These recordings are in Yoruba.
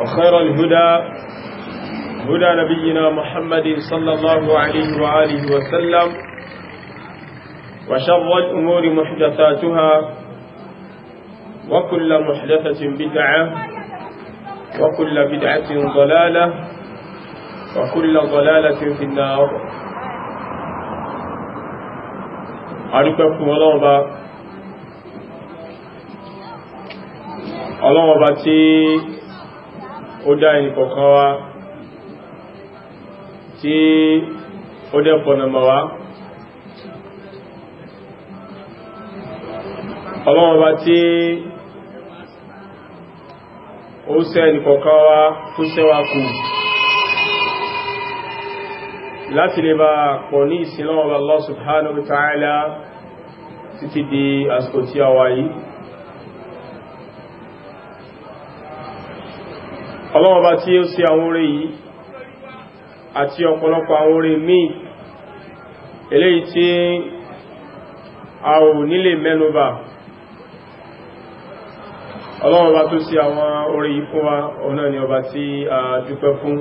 وخير الهدى هدى نبينا محمد صلى الله عليه وآله وسلم وشر الأمور محدثاتها وكل محدثة بدعة وكل بدعة ضلالة وكل ضلالة في النار أركبكم ولوبا ọlọ́wọ́ba tí ó dá ẹni kọ̀kan wá tí ó dẹ́ pọ̀nàmà wá ọlọ́wọ́ba tí ó ṣẹ́ ẹni kọ̀kan wá tó ṣẹ́wà kù láti lè bá pọ̀ ní ìsinlọ́wọ́ Allah subhanahu wa ta'ala títí di àsìkò tí a wáyìí ọlọ́wọ́ bá tí ó sí àwọn orí yìí àti ọ̀pọ̀lọpọ̀ àwọn orí míì eléyìí tí a ò nílè mẹ́nubà ọlọ́wọ́ bá tó sí àwọn orí yìí fún wa ọ̀nà ni ọba tí a dúpẹ́ fún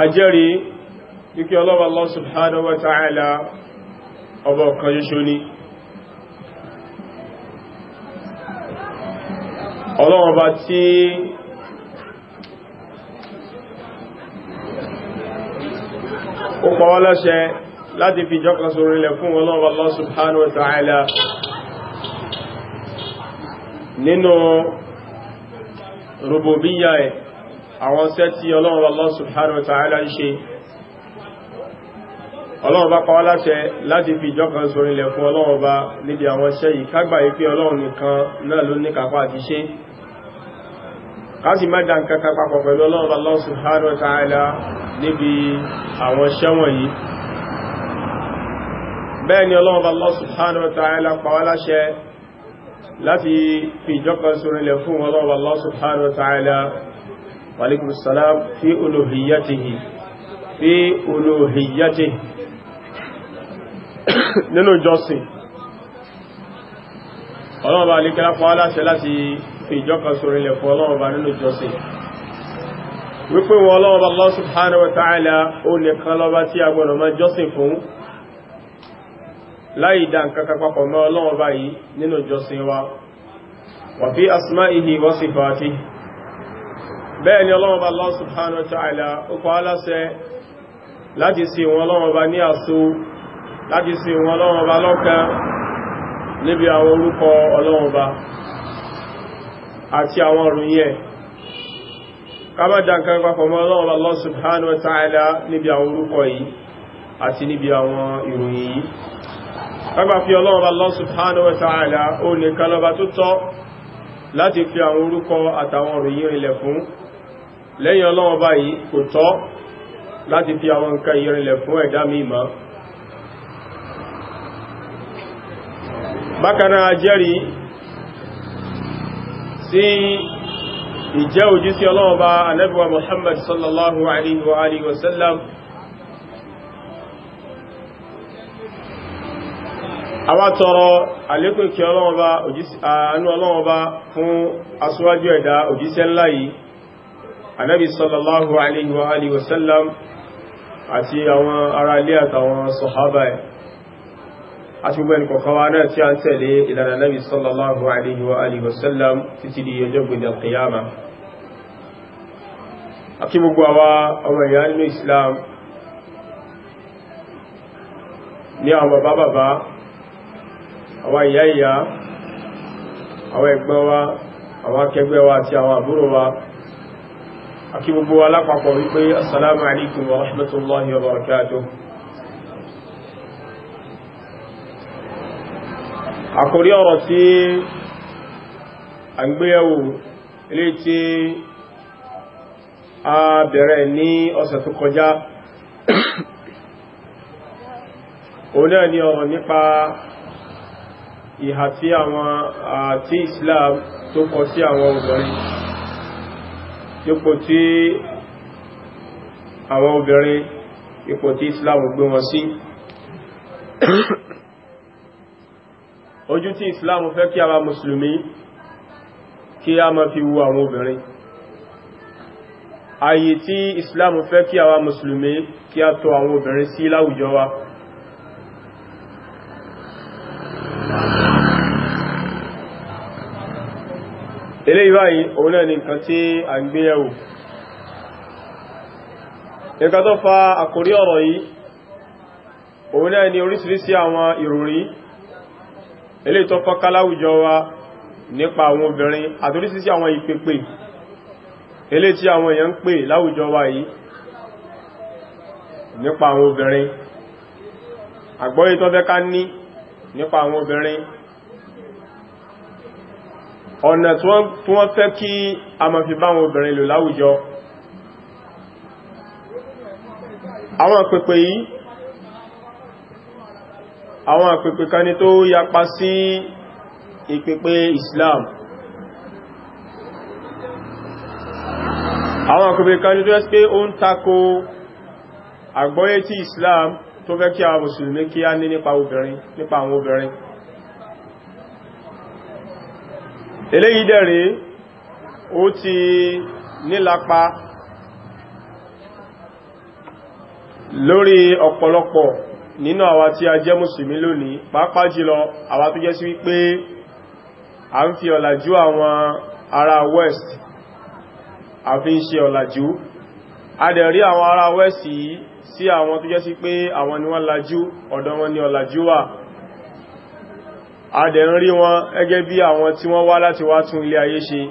a jẹ́rìí ọlọ́wọ́ Allah subhanahu wa ta'ala ọba ọ̀kan ṣoṣo ọlọ́wọ́n bá tí ó pa wá láṣẹ láti fi jọ́ kan sórí ilẹ̀ fún ọlọ́wọ́n Allah subhanahu wa ta'ala nínú rububiyya ẹ̀ àwọn ṣẹ́ tí ọlọ́wọ́n Allah subhanahu wa ta'ala ń ṣe ọlọ́run bá pàwọ́ láṣẹ láti fi ìjọkan sórí ilẹ̀ fún ọlọ́run bá níbi àwọn iṣẹ́ yìí kágbà yìí pé ọlọ́run nìkan náà ló ní kápá àti ṣe káàsì má dá nǹkan kan papọ̀ pẹ̀lú ọlọ́run Allah subhanahu wa ta'ala níbi àwọn ṣẹ́wọ̀n yìí bẹ́ẹ̀ ni ọlọ́run Allah subhanahu wa ta'ala pàwọ́ láṣẹ láti fi ìjọkan sórílẹ̀ fún ọlọ́run Allah subhanahu fi ìjọkan sórílẹ̀ fún ọlọ́ọ̀bá nínú ìjọsìn wípé wọn ọlọ́ọ̀bá Allah subhanahu wa ta'ala ó nìkan lọ́ba tí a gbọ́nà máa jọ́sìn fún láì dá nǹkan papọ̀ mọ́ ọlọ́ọ̀bá yìí nínú ìjọsìn wa wà bẹ́ẹ̀ ni ọlọ́ọ̀bá Allah subhanahu wa ta'ala ó kọ́ aláṣẹ láti wọn ní láti àti àwọn òròyìn ẹ̀ kábà dánkà papọ̀ mọ́ ọlọ́run Allah subhanahu wa ta'ala níbi àwọn orúkọ yìí àti níbi àwọn ìròyìn yìí kábà fi ọlọ́run Allah subhanahu wa ta'ala ó lè kalọba tó tọ́ láti fi àwọn orúkọ àtàwọn òròyìn ilẹ̀ fún lẹ́yìn ọlọ́run ọba yìí kò tọ́ láti fi àwọn nǹkan ìrìnlẹ̀ fún ẹ̀dá mímọ́ bákanáà jẹ́rìí sí ìjẹ́ ojú sí ọlọ́wọ́ bá anábíwa Muhammad sallallahu alaihi wa alihi wasallam a wá tọrọ alékún kí ọlọ́wọ́ bá anú ọlọ́wọ́ bá fún aṣíwájú ẹ̀dá òjíṣẹ́ ńlá yìí anábí sallallahu alaihi wa alihi wasallam àti àwọn ará ilé àtàwọn sọ̀hábà aṣùgbọ́n ẹni kọ̀ọ̀kan wa náà tí a ń tẹ̀lé ìlànà Nabi sallallahu alaihi wa alihi wasallam títí di ọjọ́ gbìyàn kìyàmà àti gbogbo àwa ọmọ ìyá nínú Islam ní àwọn bàbá bàbá àwọn ìyá ìyá àwọn ẹ̀gbọ́n wa àwọn akẹgbẹ́ wa àti àwọn àbúrò wa àti gbogbo alápapọ̀ wípé assalamu alaikum wa rahmatullahi wa barakatuh àkórí ọ̀rọ̀ tí a ń gbéyàwó ilé tí a bẹ̀rẹ̀ ní ọ̀sẹ̀ tó kọjá òun náà ni ọ̀rọ̀ nípa ìhà tí àwọn àti Islam tó kọ sí àwọn obìnrin ipò tí àwọn obìnrin ipò tí Islam gbé wọn sí ojú tí islam fẹ́ kí àwa mùsùlùmí kí a máa fi wo àwọn obìnrin ààyè tí islam fẹ́ kí àwa mùsùlùmí kí a tọ àwọn obìnrin sí láwùjọ wa eléyìí báyìí òun náà ni nǹkan tí a ń gbé yẹ̀wò nǹkan tó fa àkórí ọ̀rọ̀ yìí òun náà ni oríṣiríṣi àwọn ìròrí eléyìí tó fọ́ká láwùjọ wa nípa àwọn obìnrin àtorísísí àwọn ìpèpè eléyìí tí àwọn èèyàn ń pè láwùjọ wa yìí nípa àwọn obìnrin àgbọ́yé tó fẹ́ ká ní nípa àwọn obìnrin ọ̀nà tí wọ́n fẹ́ kí a máa fi bá àwọn obìnrin lò láwùjọ àwọn pèpè yìí àwọn àpèpè kan ní tó yapa sí ìpèpè Islam àwọn àpèpè kan ní tó yẹ́ pé ó ń tako àgbọ́yé tí Islam tó fẹ́ kí àwọn mùsùlùmí kí á ní nípa obìnrin nípa àwọn obìnrin eléyìí dẹ̀rẹ̀ ó ti nílapa lórí ọ̀pọ̀lọpọ̀ nínú àwa tí a jẹ́ mùsùlùmí lónìí pàápàá jùlọ àwa tó jẹ́ sí wípé a ń fi ọ̀làjú àwọn ará west a fi ń ṣe ọ̀làjú a dẹ̀ rí àwọn ará west yìí sí àwọn tó jẹ́ sí pé àwọn ni wọ́n lajú ọ̀dọ̀ wọn ni ọ̀làjú wà a dẹ̀ ń rí wọn gẹ́gẹ́ bí àwọn tí wọ́n wá láti wá tún ilé ayé ṣe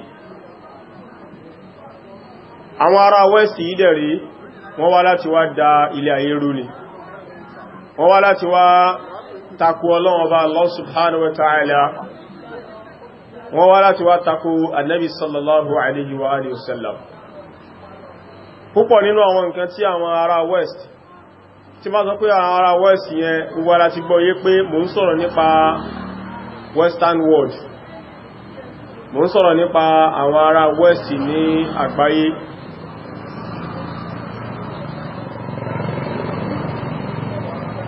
àwọn ará west yìí dẹ̀ rí wọ́n wá láti wá da ilé ayé rú ni wọ́n wá láti wá takò ọlọ́wọ́ bá Allah subhanahu wa ta'ala wọ́n wá láti wá takò annabi sallallahu alaihi wa alihi wasallam púpọ̀ nínú àwọn nǹkan tí àwọn ará west tí bá sọ pé àwọn ará west yẹn wà láti gbọ́ yé pé mò ń sọ̀rọ̀ nípa western world mò ń sọ̀rọ̀ nípa àwọn ará west ní àgbáyé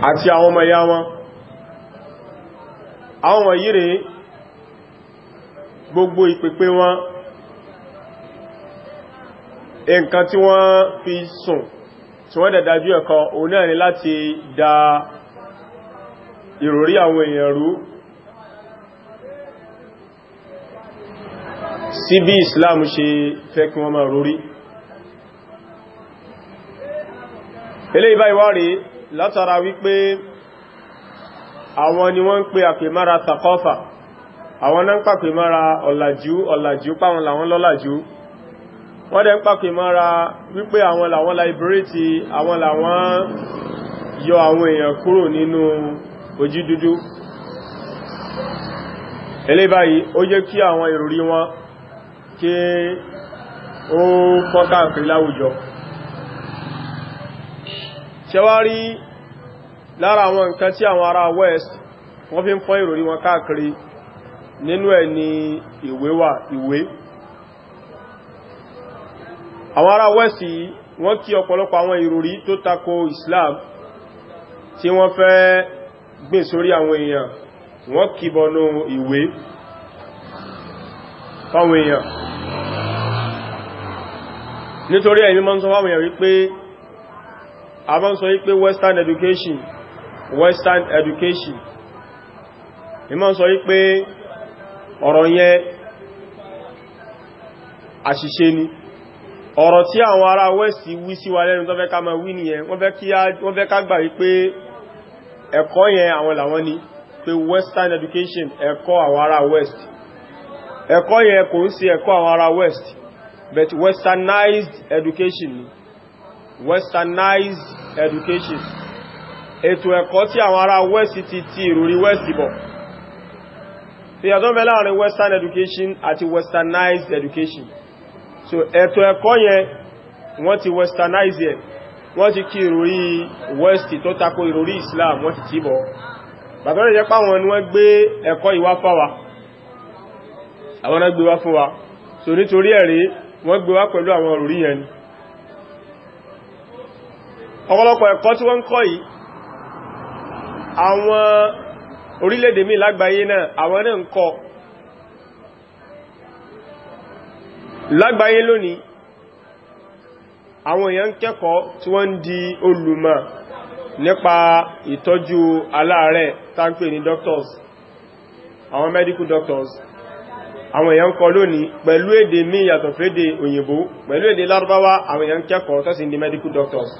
àti àwọn ọmọ ya wọn àwọn wọ̀nyí rẹ̀ gbogbo ìpèpè wọn nǹkan tí wọ́n fi sùn tí wọ́n dẹ̀dájú ẹ̀kọ́ òun náà ni láti da ìròrí àwọn èèyàn rú sí bí Islam ṣe fẹ́ kí wọ́n máa rórí eléyìí báyìí rèé látara wípé àwọn ni wọ́n ń pè àpè mára takọ́fà àwọn náà ń pàpè mára ọ̀làjú ọ̀làjú páwọn làwọn lọ́làjú wọ́n dẹ̀ ń pàpè mára wípé àwọn làwọn láìbírìtì àwọn làwọn yọ àwọn èèyàn kúrò nínú ojú dúdú ẹlẹ́ ó jẹ́ kí àwọn ìròrí wọn kí ó kọ́ láwùjọ ṣẹwárí lára àwọn nǹkan tí àwọn ará west wọ́n fi ń fọ́n ìròrí wọn káàkiri nínú ẹ̀ ni ìwé wà ìwé àwọn ará west yìí wọ́n kí ọ̀pọ̀lọpọ̀ àwọn ìròrí tó tako Islam tí wọ́n fẹ́ gbìn sórí àwọn èèyàn wọ́n kí bọnú ìwé fáwọn èèyàn nítorí ẹ̀mí mọ́ ń sọ fáwọn èèyàn wípé a bá ń sọ wípé western education western education ìmọ́ sọ wípé ọ̀rọ̀ yẹn àṣìṣe ni ọ̀rọ̀ tí àwọn ará west wí sí wa lẹ́nu tó fẹ́ ká máa wí nìyẹn wọ́n fẹ́ ká gbà wípé ẹ̀kọ́ yẹn àwọn làwọn ni pé western education ẹ̀kọ́ àwọn ará west ẹ̀kọ́ yẹn kò ń sí ẹ̀kọ́ àwọn ará west but westernized education ni westernized education ètò ẹ̀kọ́ tí àwọn ará west ti ti ìròrí west bọ̀ tí yàtọ̀ mẹ́ láàrin western education àti westernized education so ètò ẹ̀kọ́ yẹn wọ́n ti westernize yẹn wọ́n ti kí ìròrí west tó tako ìròrí islam wọ́n ti tìbọ̀ bàbá rẹ̀ jẹ́ pàwọn ni wọ́n gbé ẹ̀kọ́ ìwá fáwa àwọn náà gbé wá fún wa so nítorí ẹ̀rí wọ́n gbé wá pẹ̀lú àwọn ìròrí yẹn ni ọ̀pọ̀lọpọ̀ ẹ̀kọ́ tí wọ́n ń kọ́ yìí àwọn orílẹ̀-èdè míì lágbàáyé náà àwọn náà ń kọ́ lágbàáyé lónìí àwọn èèyàn kẹ́kọ̀ọ́ tí wọ́n ń di olùmọ̀ nípa ìtọ́jú aláàárẹ̀ táńpè ní doctors àwọn medical doctors àwọn èèyàn kọ́ lónìí pẹ̀lú èdè míì yàtọ̀ fẹ́dè òyìnbó pẹ̀lú èdè lárúbáwá àwọn èèyàn kẹ́kọ̀ọ́ tó sì medical doctors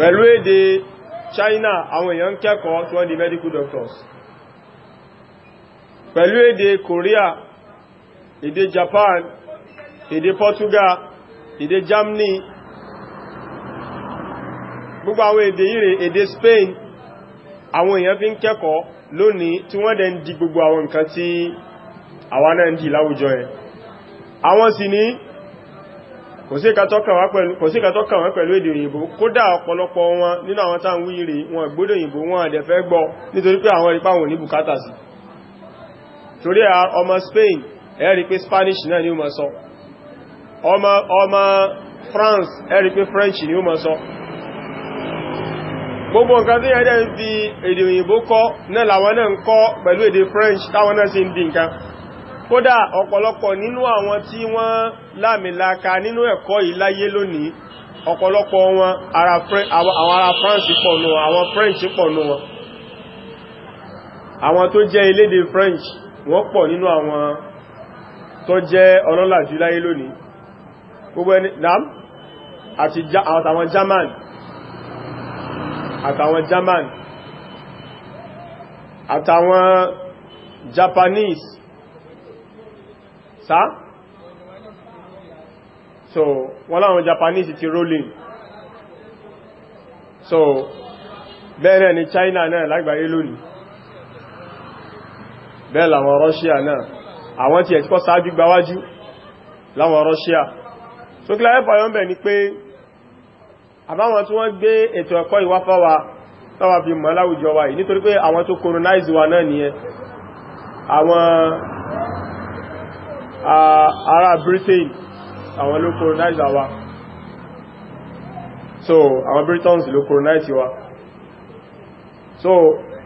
pẹ̀lú èdè China àwọn èèyàn kẹ́kọ̀ọ́ tí wọ́n di medical doctors pẹ̀lú èdè Korea èdè Japan èdè Portugal èdè Germany gbogbo àwọn èdè ire èdè Spain àwọn èèyàn fi ń kẹ́kọ̀ọ́ lónìí tí wọ́n dẹ̀ ń di gbogbo àwọn nǹkan tí àwọn náà ń di láwùjọ ẹ̀ àwọn sì ní kò sí ìkàtọ́kà wọn pẹ̀lú èdè òyìnbó kódà ọ̀pọ̀lọpọ̀ wọn nínú àwọn tán wí rí wọn gbọ́dọ̀ òyìnbó wọn àdẹ̀ gbọ́ nítorí pé àwọn ìpá Spain ẹ Spanish náà ni ó sọ France ẹ French ni ó gbogbo nǹkan tí ẹ̀dẹ̀ fi èdè òyìnbó kọ́ náà làwọn náà ń French táwọn náà sì ń di kódà ọ̀pọ̀lọpọ̀ nínú àwọn tí wọ́n lámìlaka nínú ẹ̀kọ́ ìláyé lónìí ọ̀pọ̀lọpọ̀ wọn àwọn ará France pọ̀ nù àwọn French pọ̀ nù wọn àwọn tó jẹ́ elédè French wọ́n pọ̀ nínú àwọn tó jẹ́ ọlọ́làjú láyé lónìí gbogbo ẹni dam àti àtàwọn German àtàwọn German àtàwọn Japanese sá so wọ́n láwọn Japanese ti rolling so bẹ́ẹ̀rẹ̀ ni China náà lágbàáyé lónìí bẹ́ẹ̀ làwọn Russia náà àwọn tí ẹ̀kọ́ sáájú gbáwájú láwọn Russia so kí láyé fàyọ́ bẹ̀ ni pé àbáwọn tí wọ́n gbé ètò ẹ̀kọ́ ìwá fáwa tọ́wà fi mọ̀ láwùjọ wa yìí nítorí pé àwọn tó colonize wa náà nìyẹn àwọn ará Britain àwọn ló colonize wa so àwọn Britons ló colonize wa so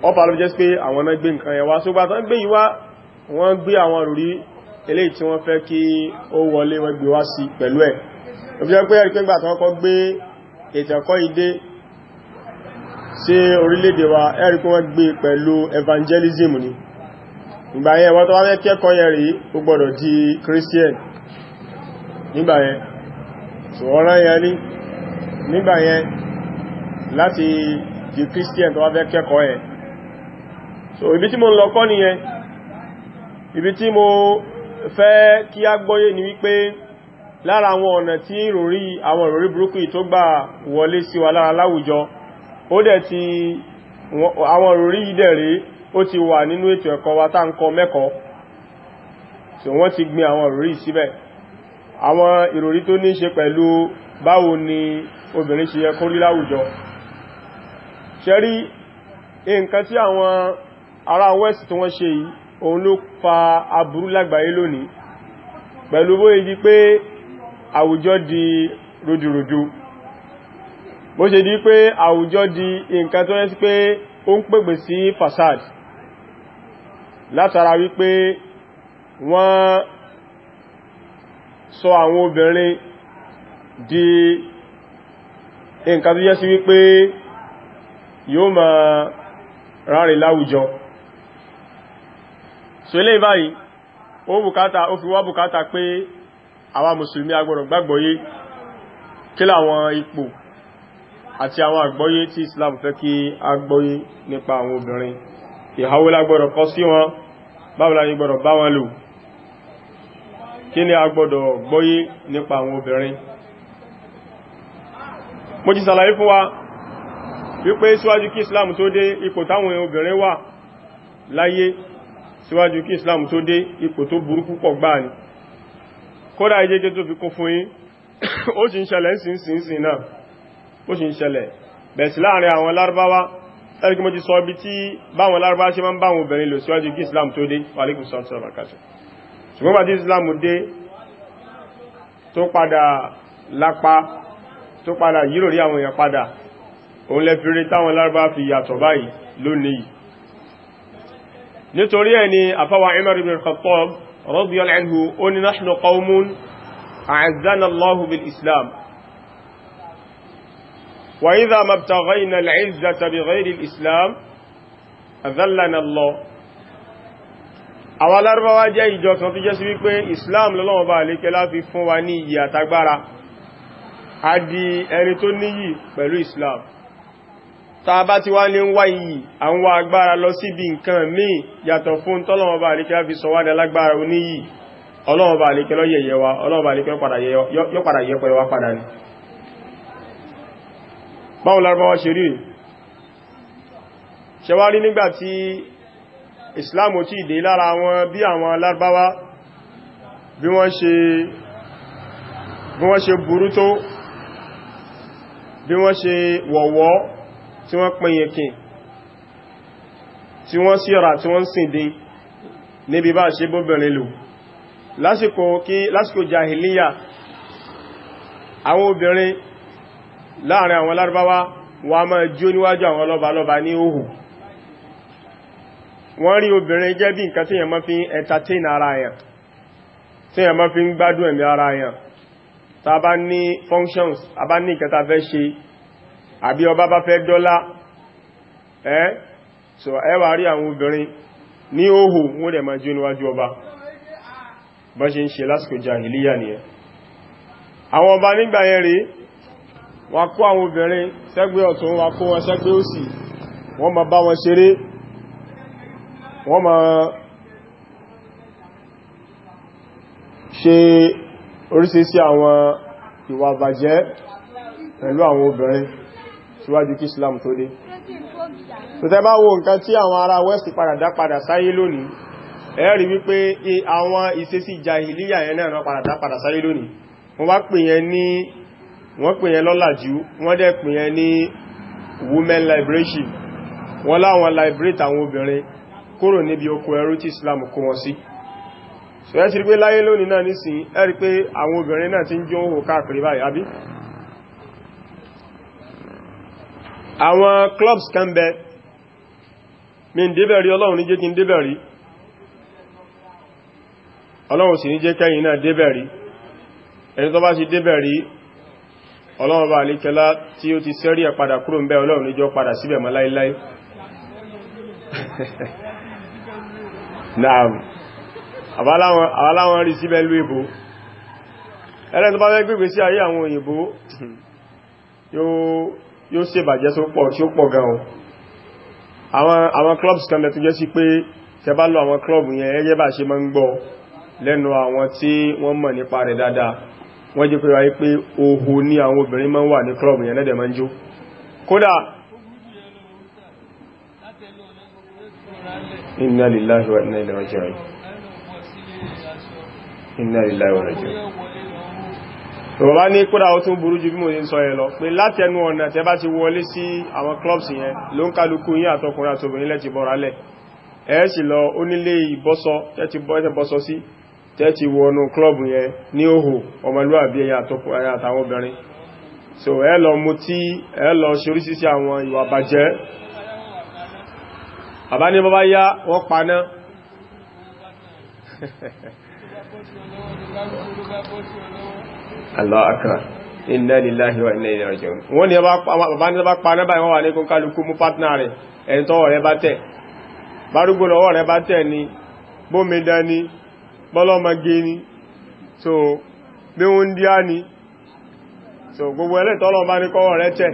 ọpa ló jẹ́ pé àwọn náà gbé nǹkan yẹn wá so gbàtán gbé yíwá wọ́n gbé àwọn òrùrí eléyìí tí wọ́n fẹ́ kí ó wọlé wọ́n gbé wá sí pẹ̀lú ẹ̀ òfíjẹ́ pé ẹ̀rí pé gbàtán kọ́ gbé ètẹ̀kọ́ ìdé sí orílẹ̀-èdè wa ẹ̀rí pé wọ́n gbé pẹ̀lú evangelism ni ìgbàyẹn wọ́n tó wá fẹ́ kẹ́kọ́ yẹn rí ó gbọ́dọ̀ di christian nígbàyẹn so ọ̀ràn yẹn ní nígbàyẹn láti di christian tó wá fẹ́ kẹ́kọ́ so ibi tí mo ń lọ kọ́ nìyẹn ibi tí mo fẹ́ kí a gbọ́yé ni wípé lára àwọn ọ̀nà tí ìròrí àwọn ìròrí burúkú tó gbà wọlé sí wa lára láwùjọ ó dẹ̀ ti àwọn ìròrí yìí dẹ̀ rèé ó ti wà nínú ètò ẹ̀kọ́ wa tá ń kọ mẹ́kọ̀ọ́ so wọ́n ti gbin àwọn ìròrí síbẹ̀ àwọn ìròrí tó ní ṣe pẹ̀lú báwo ni obìnrin ṣe yẹ kó rí láwùjọ ṣẹ́rí nǹkan tí àwọn ará west tí wọ́n ṣe yìí òun ló fa aburú lágbàáyé lónìí pẹ̀lú bóyí di pé àwùjọ di rojúrojú bó ṣe di pé àwùjọ di nǹkan tó rẹ́ sí pé ó ń pègbè sí fasad látara wípé wọ́n sọ àwọn obìnrin di nǹkan tó yẹ́ sí wípé yóò ma rárẹ̀ láwùjọ so ilé báyìí ó bùkátà ó fi wá bùkátà pé àwa mùsùlùmí agbọ́dọ̀ gbàgbọ́yé kí láwọn ipò àti àwọn àgbọ́yé tí Islam fẹ́ kí agbọ́yé nípa àwọn obìnrin ìhàwó lágbọ́dọ̀ kọ sí wọn báwo la yí gbọ́dọ̀ bá wọn lò kí ni a gbọ́dọ̀ gbọ́yé nípa àwọn obìnrin mo ti sàlàyé fún wa wípé síwájú kí islam tó dé ipò táwọn obìnrin wà láyé síwájú kí islam tó dé ipò tó burú púpọ̀ gbáà ni kódà ìjẹ́jẹ́ tó fi kún fún yín ó sì ń ṣẹlẹ̀ ń sin sin sin náà ó sì ń ṣẹlẹ̀ bẹ̀sì láàrin àwọn lárúbáwá ẹ̀rìkì mo ti sọ ibi tí báwọn lárúbá ṣe máa ń báwọn obìnrin lò síwájú kí islam tó dé wàlékún sọ́ọ̀tì ọ̀bàkàṣọ ṣùgbọ́n bàtí islam dé tó padà lápá tó padà yírò rí àwọn èèyàn padà òun lẹ́fìrí táwọn lárúbá fi yàtọ̀ báyìí lónìí nítorí ẹ̀ ni àfáwà Umar ibn khattab radiyallahu ó ní nahnu qawmun a'azzana bil islam وإذا ما ابتغينا العزة بغير الإسلام أذلنا الله àwọn alárúbáwá jẹ́ ìjọ kan tó jẹ́ sí wípé islam lọ́lọ́wọ́ bá lékẹ́ láti fún wa ní iyì àtagbára a di ẹni tó níyì pẹ̀lú islam ta bá ti wá ní ń wá iyì à agbára lọ síbi nǹkan míì yàtọ̀ fún tọ́lọ́wọ́ bá láti sọ wá báwọn larabawa ṣe rí ṣẹwárí nígbàtí islam tí ìdè lára wọn bí àwọn larabawa bí wọ́n ṣe burú tó bí wọ́n ṣe wọ̀wọ́ tí wọ́n pẹ̀yẹ̀kìn tí wọ́n síra tí wọ́n sìndín níbi bá ṣe bóbìnrin lò lásìkò jahiliya àwọn obìnrin láàrin àwọn lárúbáwá wọ́n a máa jó níwájú àwọn lọ́balọ́ba ní òhù wọ́n rí obìnrin jẹ́ bí nǹkan tí yẹn máa fi entertain ara yẹn tí yẹn fi ń gbádùn ẹ̀mí ara yẹn tá bá ní functions a bá ní nǹkan tá fẹ́ ṣe àbí ọba bá fẹ́ dọ́lá so ẹwà rí àwọn obìnrin ní òhù wọ́n dẹ̀ máa jó níwájú ọba bá ṣe ń ṣe lásìkò jahiliya àwọn ọba nígbà yẹn rèé wà kó àwọn obìnrin sẹ́gbẹ́ ọ̀tún wà kó wọn sẹ́gbẹ́ òsì wọ́n ma bá wọn ṣeré wọ́n ma ṣe oríṣiríṣi àwọn ìwà bàjẹ́ pẹ̀lú àwọn obìnrin síwájú kí Islam tó dé tó tẹ́ bá wo nǹkan tí àwọn ará west padà dá padà sáyé lónìí ẹ rí wípé àwọn ìṣesí jahiliya yẹn náà padà dá padà sáyé lónìí wọ́n wá pè yẹn ní wọ́n pè yẹn lọ́làjú wọ́n dẹ̀ pè yẹn ní women liberation wọ́n láwọn liberate àwọn obìnrin kúrò níbi oko ẹrú tí Islam kó wọn sí so ẹ́ ti rí pé láyé lónìí náà nísìn ẹ rí pé àwọn obìnrin náà ti ń jó hò káàkiri báyìí clubs kan bẹ mi ń débẹ̀ rí ọlọ́run ní jẹ́ kí ń débẹ̀ rí ẹni tó bá sì débẹ̀ rí ọlọ́run bá alékẹ́lá tí ó ti sẹ́rí ẹ̀ padà kúrò ń bẹ́ ọlọ́run níjọ́ padà síbẹ̀ mọ́ láíláí náà àbáláwọn rí síbẹ̀ lú ìbò ẹ̀rẹ́ tó bá fẹ́ gbígbé sí ayé àwọn òyìnbó yóò ṣe bàjẹ́ tó pọ̀ tí ó pọ̀ gan o àwọn clubs kan lẹ́tún jẹ́ sí pé tẹ bá lọ àwọn club yẹn ẹgẹ́ bá ṣe máa ń gbọ́ lẹ́nu àwọn tí wọ́n mọ̀ nípa rẹ̀ dáadáa wọ́n jẹ́ pé wáyé pé oho ní àwọn obìnrin máa wà ní club yẹn lẹ́dẹ̀ máa ń jó kódà inna lillahi wa inna ilaihi raji'un wa inna ilaihi raji'un bàbá ní kódà ó tún burú jù bí mo ní sọ ẹ lọ pé láti ẹnu ọ̀nà tẹ́ bá ti wọlé sí àwọn clubs yẹn ló ń kálukú yín àtọkùnrin àtobìnrin lẹ́ti bọ́ra lẹ̀ ẹ̀ lọ onílé ìbọ́sọ tẹ́ ti bọ́sọ sí tẹ́tí wọnú klọ́bù yẹn ní òhò ọmọlúwàbí ẹ̀yà àtàwọn obìnrin so ẹ lọ mú tí ẹ lọ ṣoríṣiṣi àwọn ìwà bàjẹ́ àbá ní bọ́bá yá wọ́n paná Allahu akbar inna lillahi wa inna ilaihi raji'un wọ́n ni bàbá ní bá paná báyìí wọ́n wà ní kún kálukú mú pátánà rẹ̀ ẹ̀ntọ́ ọ̀rẹ́ bá tẹ̀ bárúgbò lọ́wọ́ bá tẹ̀ ni bómi dání bọ́lọ́mọgé ni so bí wọ́n díá ni so gbogbo ẹlẹ́ tọ́lọ bá ní kọ́wọ́ rẹ tẹ́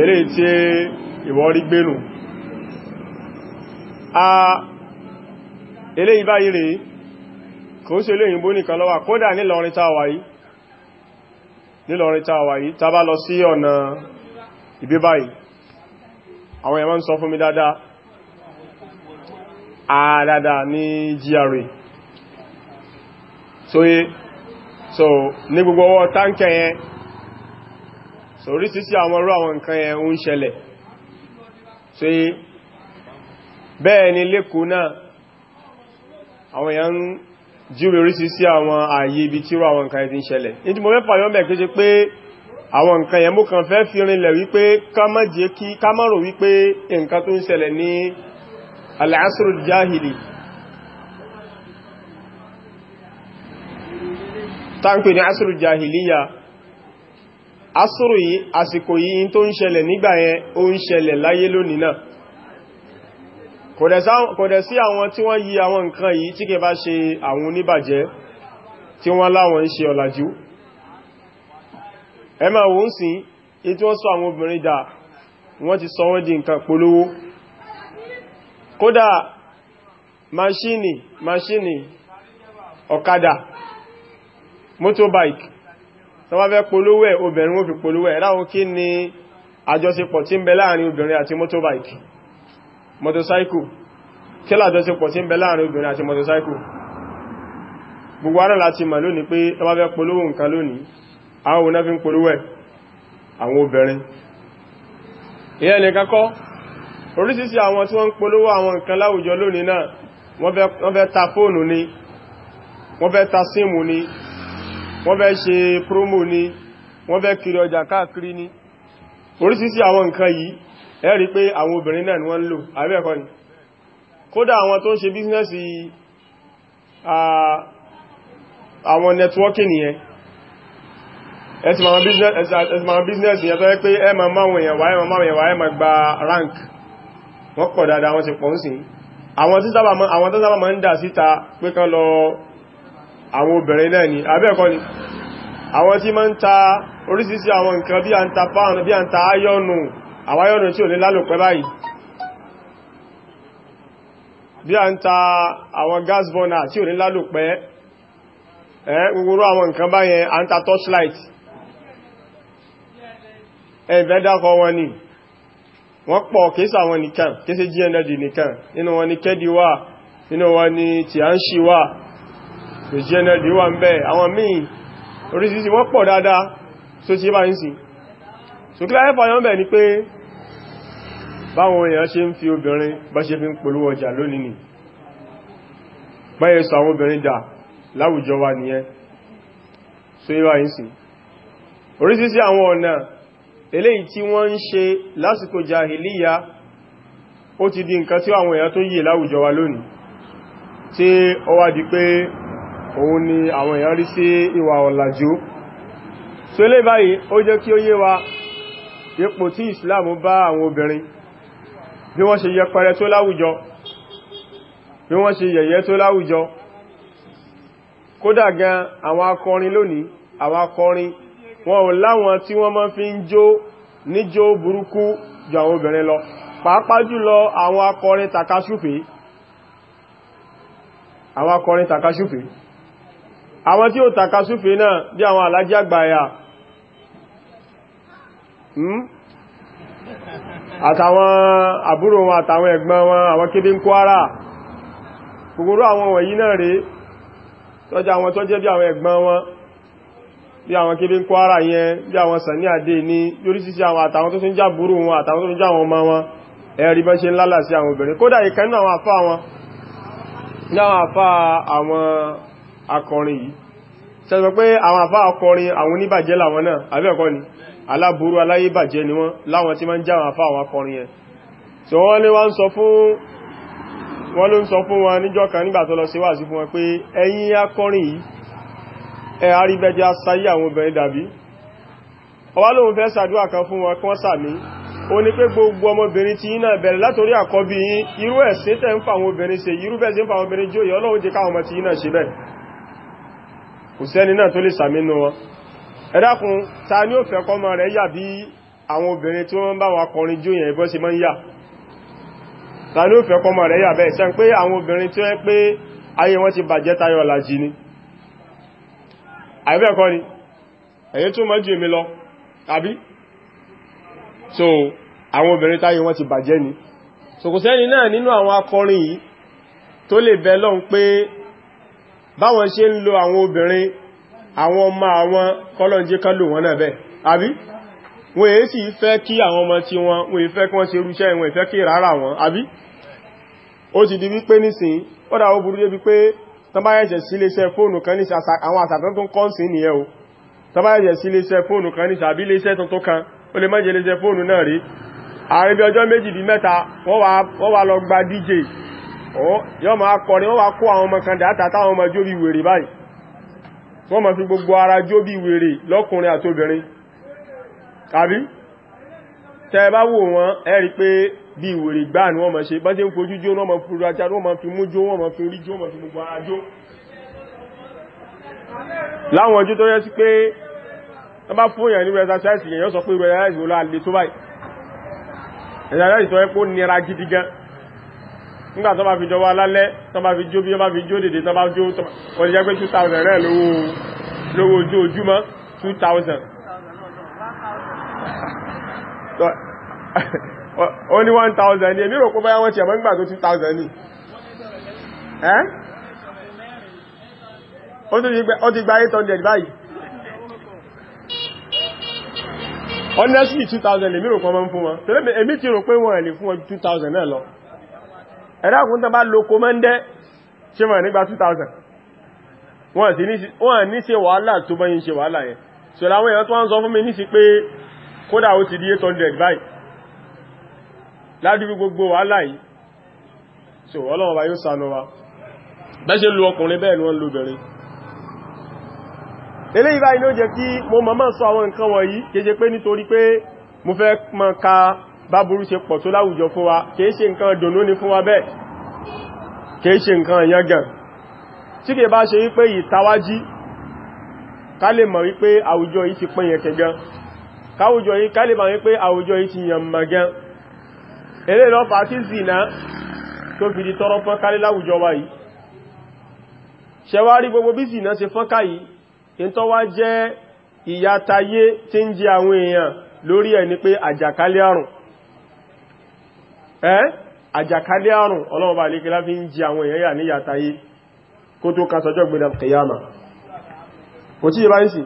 eré tí ìwọ́ rí gbénù a ilé ìbáyìí rèé kò ṣe ilé òyìnbó nìkan lọ́wà kódà nílọrin táwà yìí nílọrin táwà yìí tàbá lọ sí ọ̀nà ìbí báyìí àwọn ẹ̀mọ́ ń sọ fún mi dáadáa àdáadáa ní GRA so yé so ní gbogbo ọwọ́ táǹkẹ̀ yẹn so orísìsí àwọn ọrọ̀ àwọn nǹkan yẹn ń ṣẹlẹ̀ so yé bẹ́ẹ̀ ni lẹ́kùn náà àwọn èèyàn ń jíwẹ̀ orísìsí àwọn ààyè ibi tí àwọn nǹkan yẹn ti àwọn nǹkan yẹn mú kan fẹ́ fi rinlẹ̀ wípé ká wípé nǹkan tó ń ṣẹlẹ̀ ní al-asr al-jahili tánkù ní asìrù jahiliya asìrù yìí àsìkò yìí tó ń ṣẹlẹ̀ nígbà yẹn ó ń ṣẹlẹ̀ láyé lónìí náà kò dẹ̀ sí àwọn tí wọ́n yí àwọn nǹkan yìí tí kẹ bá ṣe àwọn oníbàjẹ́ tí wọ́n láwọn ń ṣe ọ̀làjú ẹ máa ọ̀kadà motorbike tó wá fẹ́ polówó ẹ̀ obìnrin wọ́n fi polówó ẹ̀ láwọn kí ni àjọṣepọ̀ tí ń bẹ láàrin obìnrin àti motorbike motorcycle kí lájọṣepọ̀ tí ń bẹ láàrin obìnrin àti motorcycle gbogbo ara láti mọ̀ lónìí pé tó wá fẹ́ polówó nǹkan lónìí àwọn òun náà fi ń polówó ẹ̀ àwọn obìnrin ìyẹn nìkan kọ́ oríṣiríṣi àwọn tí wọ́n ń fẹ́ ta fóònù ni wọ́n fẹ́ ta síìmù ni wọ́n fẹ́ ṣe promo ni wọ́n fẹ́ kiri ọjà káàkiri ni orísìírísìí àwọn nǹkan yìí ẹ rí pé àwọn obìnrin náà ni wọ́n ń lò àbí ẹ̀kọ́ ni kódà àwọn tó ń ṣe bísínẹ́sì àwọn networking yẹn ẹ̀sì màwọn bísínẹ́sì yẹn tó yẹ pé ẹ ma máwọn èèyàn wá ẹ ma máwọn èèyàn wá ẹ ma gba rank wọ́n pọ̀ dáadáa wọ́n ti pọ̀ ń sìn àwọn tó sábà máa ń dà síta pé kán lọ àwọn obìnrin náà ni abẹ́ẹ̀kọ́ ni àwọn tí ma ń ta orísìírísìí àwọn nǹkan bí a ń ta pound bí a ń ta ayọ́nù àwọn ayọ́nù tí ò ní lálòpẹ́ báyìí bí a ń ta àwọn gas burner tí ò ní lálòpẹ́ ẹ́ gbogbo àwọn nǹkan báyẹn a ń ta torchlight ẹ̀fẹ́ dákọ wọn ni wọ́n pọ̀ kéèsì àwọn nìkan kéèsì gnd nìkan nínú wọn ni kẹ́dì nínú wọn ni tìhánṣì regional di wà ń bẹ àwọn míì orísìírísìí wọ́n pọ̀ dáadáa tó ti bá ń sí so kí láyé fàyọ́ bẹ̀ ni pé báwọn èèyàn ṣe ń fi obìnrin bá ṣe fi ń polówó ọjà lónìí ni báyẹ̀ sọ àwọn obìnrin dà láwùjọ wa nìyẹn so yíwá ń sí ti di wa lónìí tí ó wá di pé òun ni àwọn èèyàn rí sí ìwà ọ̀làjú so ilé báyìí ó jẹ́ kí ó yé wa ipò tí Islam bá àwọn obìnrin bí wọ́n ṣe yẹpẹrẹ tó láwùjọ bí wọ́n ṣe yẹ̀yẹ́ tó láwùjọ kódà gan àwọn akọrin lónìí àwọn akọrin wọn ò láwọn tí wọ́n máa fi ń jó níjó burúkú ju àwọn obìnrin lọ pàápàá jùlọ àwọn akọrin takasúfèé àwọn akọrin takasúfèé àwọn tí ó tàka súfè náà bí àwọn alájí àgbàyà hmm? àtàwọn àbúrò wọn àtàwọn ẹ̀gbọ́n wọn àwọn kébé ń Kwara gbogbo àwọn wọ̀nyí náà rèé tọ́já àwọn tọ́jẹ́ bí àwọn ẹ̀gbọ́n wọn bí àwọn kébé ń Kwara yẹn bí àwọn sàní àdé ní lóríṣìí àwọn àtàwọn tó tún já búrú wọn àtàwọn tó tún já àwọn ọmọ wọn ẹ̀rí bọ́n ṣe ńlá sí àwọn obìnrin kódà ìkan náà àwọn àfá àwọn akọrin yìí sẹ́sọ pé àwọn àfá akọrin àwọn oníbàjẹ́ làwọn náà àbẹ́ẹ̀kọ́ ni aláburú aláyébàjẹ́ ni wọ́n láwọn tí máa ń já àwọn àfá àwọn akọrin yẹn so wọ́n lé wá ń sọ fún wọ́n ló ń sọ fún wọn níjọ́ kan nígbà tó lọ sí wàásí fún wọn pé ẹ̀yin akọrin yìí ẹ àríbẹ́jẹ́ asáyé àwọn obìnrin dàbí ọwá lóun fẹ́ sàdúwà kan fún wọn kán sàmí ó ní pé gbogbo ọmọbìnrin tí yín bẹ̀rẹ̀ látorí àkọ́bí yín irú ẹ̀sìn tẹ́ ń fa àwọn obìnrin ṣe irú bẹ́ẹ̀ sí ń fa àwọn obìnrin jóyè ọlọ́run jẹ́ káwọn ọmọ tí yín ṣe bẹ́ẹ̀ kò sẹ́ni náà tó lè sàmínú wọn ẹ dákun ta ni ó fẹ́ kọ́mọ rẹ̀ yà bí àwọn obìnrin tí wọ́n bá wọn kọrin jó yẹn bọ́ sí mọ́ ń yà ta ni ó fẹ́ kọ́mọ rẹ̀ yà bẹ́ẹ̀ sẹ́n pé àwọn obìnrin tí wọ́n pé ayé wọn ti bàjẹ́ tayọ làjì ni àìbẹ́ẹ̀kọ́ ni ẹ̀yin so àwọn obìnrin táyé wọn ti so kò sẹ́ni náà nínú àwọn akọrin yìí tó báwọn ṣe ń lo àwọn obìnrin àwọn ọmọ àwọn kọlọ̀njẹ́ kan lò wọ́n náà bẹ́ẹ̀ àbí wọ́n èé sì fẹ́ kí àwọn ọmọ tí wọ́n wọ́n èé fẹ́ kí wọ́n ṣe irúṣẹ́ wọ́n èé fẹ́ kí rárá wọn àbí ó ti di wípé nísìn ó dà ó burú débi pé tọ́báyẹ̀ṣẹ̀ sí iléeṣẹ́ fóònù kan níṣẹ́ àwọn àsàtọ́ tó ń kọ́ sí nìyẹn o tọ́báyẹ̀ṣẹ̀ sí iléeṣẹ́ fóònù kan níṣẹ́ àbí iléeṣẹ́ tuntun kan ó lè mọ́jẹ̀ iléeṣẹ́ fóònù náà rí àárín bí ọjọ́ méjì bí mẹ́ta wọ́n wá yọ ma kọrin wọ́n wá kó àwọn ọmọ kan dáta táwọn ọmọ jó bí wèrè báyìí wọ́n ma fi gbogbo ara jó bí wèrè lọ́kùnrin àtobìnrin tàbí tẹ́ bá wò wọ́n ẹ rí pé bí wèrè gbáà ni wọ́n ma ṣe bá ṣe ń fojú jó wọ́n ma fi rájá wọ́n ma fi mú jó wọ́n ma fi rí jó wọ́n ma fi gbogbo ara jó láwọn ojú tó yẹ nígbà tó bá fi jọba lálẹ́ tó bá fi jó bí tó bá fi jó dèdè tó bá jó wọ́n jẹ́ pé 2000 rẹ̀ lówó ojoojúmọ́ 2000 ó ní 1000 ní èmi rò kó báyá wọ́n ti ẹ̀mọ́ nígbà tó 2000 ní ẹ́ ó ti gba 800 báyìí honestly 2000 èmi rò kọ́ mọ́ fún wọn èmi ti rò pé wọ́n ẹ̀ lè fún wọn 2000 náà lọ ẹ̀dàkùn tán bá lo kọmọ́ndẹ́ ṣe mọ̀ nígbà 2000 wọ́n ní ṣe wàhálà tó bá yín ṣe wàhálà yẹn so láwọn èèyàn tó wá ń sọ fún mi ní sí pé kódà ó ti di 800 báyìí ládùúgbò gbogbo wàhálà yìí so ọlọ́run bá yóò sànú wa bẹ́ṣe lu ọkùnrin bẹ́ẹ̀ ni wọ́n lu bẹ̀rẹ̀ eléyìí báyìí ló jẹ́ kí mo mọ̀mọ́ sọ àwọn nǹkan wọ̀nyí kéje pé nítorí pé mo fẹ́ mọ̀ ka bá burú ṣe pọ̀ tó láwùjọ fún wa kìí ṣe nǹkan dùnú ni fún wa bẹ́ẹ̀ kìí ṣe nǹkan ìyangàn tí kìí bá ṣe wípé ìtawájí ká lè mọ̀ wípé àwùjọ yìí ti pín yẹ̀kẹ̀ gan káwùjọ yìí ká lè mọ̀ wípé àwùjọ yìí ti yàn mọ̀ gan eré lọ́fà tí zìnà tó lórí ẹni pé àjàkálẹ̀ àrùn ẹ́ àjàkálẹ̀ àrùn ọlọ́ọ̀bá alékẹ́lá fi ń jí àwọn èèyàn yà ní yàtayé kó tó kan sọjọ́ gbẹ̀dẹ̀ kìyàmà kò tí yẹ bá ń sì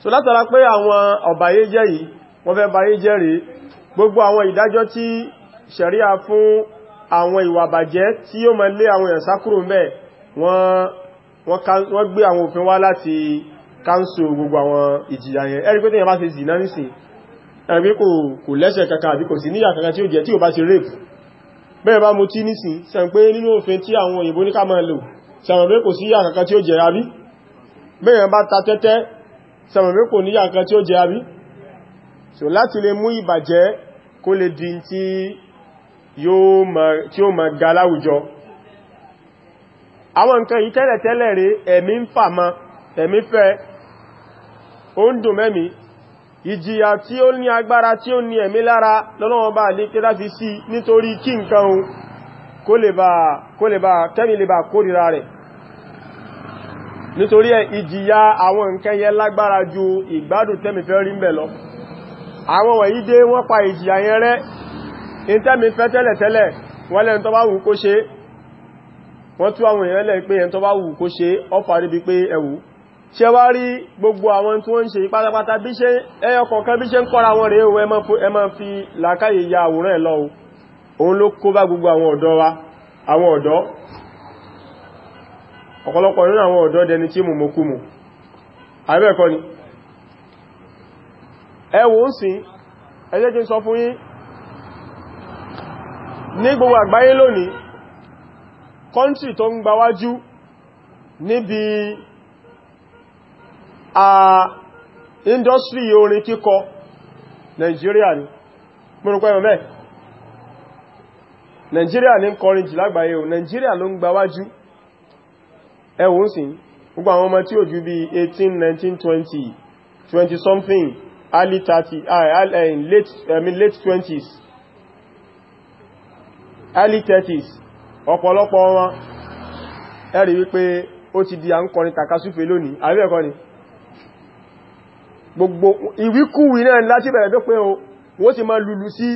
so látara pé àwọn ọ̀bàyé jẹ́ yìí wọ́n fẹ́ báyé jẹ́ rí gbogbo àwọn ìdájọ́ tí ṣẹ̀ríà fún àwọn ìwà bàjẹ́ tí yóò máa lé àwọn èèyàn sákúrò mẹ́ wọ́n gbé àwọn òfin wá láti káńsù gbogbo àwọn ìjìyà yẹn ẹ́rí pé tí yẹn bá ṣe zì náà nìsìn ẹ̀rí kò lẹ́sẹ̀ kankan àbí kò sí níyà kankan tí ó jẹ́ tí ó bá ti rape bẹ́ẹ̀ bá mutí nísìn sẹ́n pé nínú òfin tí àwọn òyìnbó ní ká máa lò sẹ́mọ̀ pé kò sí níyà kankan tí ó jẹ́ àbí bẹ́ẹ̀ bá ta tẹ́tẹ́ sẹ́mọ̀ pé kò níyà kankan tí ó jẹ́ àbí so láti lè mú ìbàjẹ́ kó lè àwọn nǹkan yìí tẹ́lẹ̀tẹ́lẹ̀ rí ẹ̀mí ń fà ma ẹ̀mí fẹ́ ó mẹ́mí ìjìyà tí ó ní agbára tí ó ní ẹ̀mí lára lọ́lọ́wọ́ bá lè kí láti sí nítorí kí nǹkan ohun kó lè bá kẹ́mì lè bá kórìíra rẹ̀ nítorí ẹ̀ ìjìyà àwọn nǹkan yẹn lágbára ju ìgbádùn tẹ́mì fẹ́ rí mbẹ̀ lọ àwọn wọ̀nyí dé wọ́n pa ìjìyà yẹn rẹ́ in tẹ́mì fẹ́ tẹ́lẹ̀tẹ́lẹ̀ wọ́n lẹ́n tó bá wù kó ṣe wọ́n tú àwọn èèyàn lẹ́ pé ẹn tó bá wù kó ṣe ọ́fà rí pé ẹwù ṣe wá rí gbogbo àwọn tí wọ́n ń ṣe pátápátá bí ṣe ẹyọ kọ̀ọ̀kan bí ṣe ń kọ́ra wọn rèé o ẹ máa fi làákàyè ya àwòrán ẹ̀ lọ o òun ló kó bá gbogbo àwọn ọ̀dọ́ wa àwọn ọ̀dọ́ ọ̀pọ̀lọpọ̀ nínú àwọn ọ̀dọ́ dẹni tí mú mú kú mú àbẹ́ẹ̀kọ́ ni ẹwọ ń sin ẹjẹ́ kí n sọ fún yín ní gbogbo àgbáyé lónìí kọ́ntì tó ń gbáwájú níbi A industry orin kíkọ Nigeria ni múrùkọ́ ẹ̀mọ̀ Nigeria ní kọrin jù lágbàáyé o Nigeria ló ń gbáwájú ẹwọ ń sìn gbogbo àwọn ọmọ tí ò ju bí 18 19 20 20 something early 30 uh, eh, late, I mean late 20s early 30s ọ̀pọ̀lọpọ̀ wọn ẹ̀rí wípé ó ti di à ń kọrin tàkasúfè lónìí àbí ni gbogbo ìwíkúwì náà láti bẹ̀rẹ̀ tó pé o wọ́n ti máa lùlù sí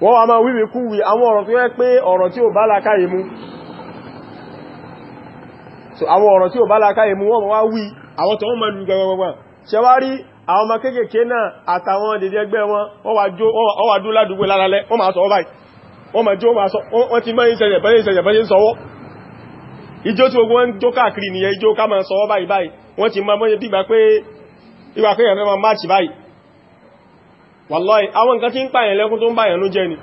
wọ́n wà máa wíwí kúwì àwọn ọ̀rọ̀ tó yẹ pé ọ̀rọ̀ tí ó bá lákàyè mú àwọn ọ̀rọ̀ tí ó bá lákàyè mú wọ́n wá wí àwọn tó wọ́n máa lùlù gbogbogbà ṣe wá rí àwọn ọmọ kéékèèké náà àtàwọn dèdè ẹgbẹ́ wọn wọ́n wà dó ládùúgbò lálálẹ́ wọ́n máa sọ báyìí wọ́n máa jó wọ́n ti máa ń ṣẹ̀yẹ̀ bẹ́ẹ̀ ń ṣẹ̀yẹ̀ bẹ́ẹ̀ ń sọwọ́ ijó tí ogun wọn ń jó káàkiri nìyẹn ijó ká máa sọwọ́ báyìí báyìí wọ́n ti máa mọ́jẹ́ bígbà pé ìwà pé ẹ̀fẹ́ ma máàkì báyìí wàláì àwọn nǹkan tí ń pààyàn lẹ́kún tó ń bàyàn ló jẹ́ ni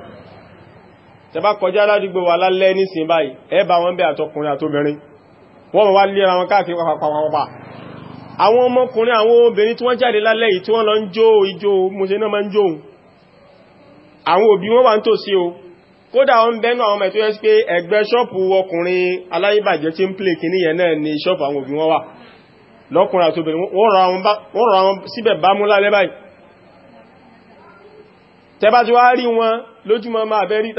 tẹbá kọjá ládùúgbò wà lálẹ́ nísìn báyìí ẹ bá wọn bẹ àtọkùnrin àtobìnrin wọ́n mọ̀ wá lera wọn káàkiri pàpàpàpà àwọn ọmọkùnrin àwọn obìnrin tí wọ́n jáde lálẹ́ yìí tí wọ́n lọ ń jó ijó mùsè náà máa ń jó àwọn òbí kódà wọn bẹnu àwọn ẹ̀tọ́ yẹ́ sí pé ẹgbẹ́ ṣọ́ọ̀pù ọkùnrin aláyébàjẹ́ tí ń plé kìíní yẹn náà ni ṣọ́ọ̀pù àwọn òbí wọn wà lọ́kùnrin àti obìnrin wọ́n rọ àwọn síbẹ̀ bá mú lálẹ́ báyìí tẹbá ti wá rí wọn lójúmọ́ máa bẹ́rí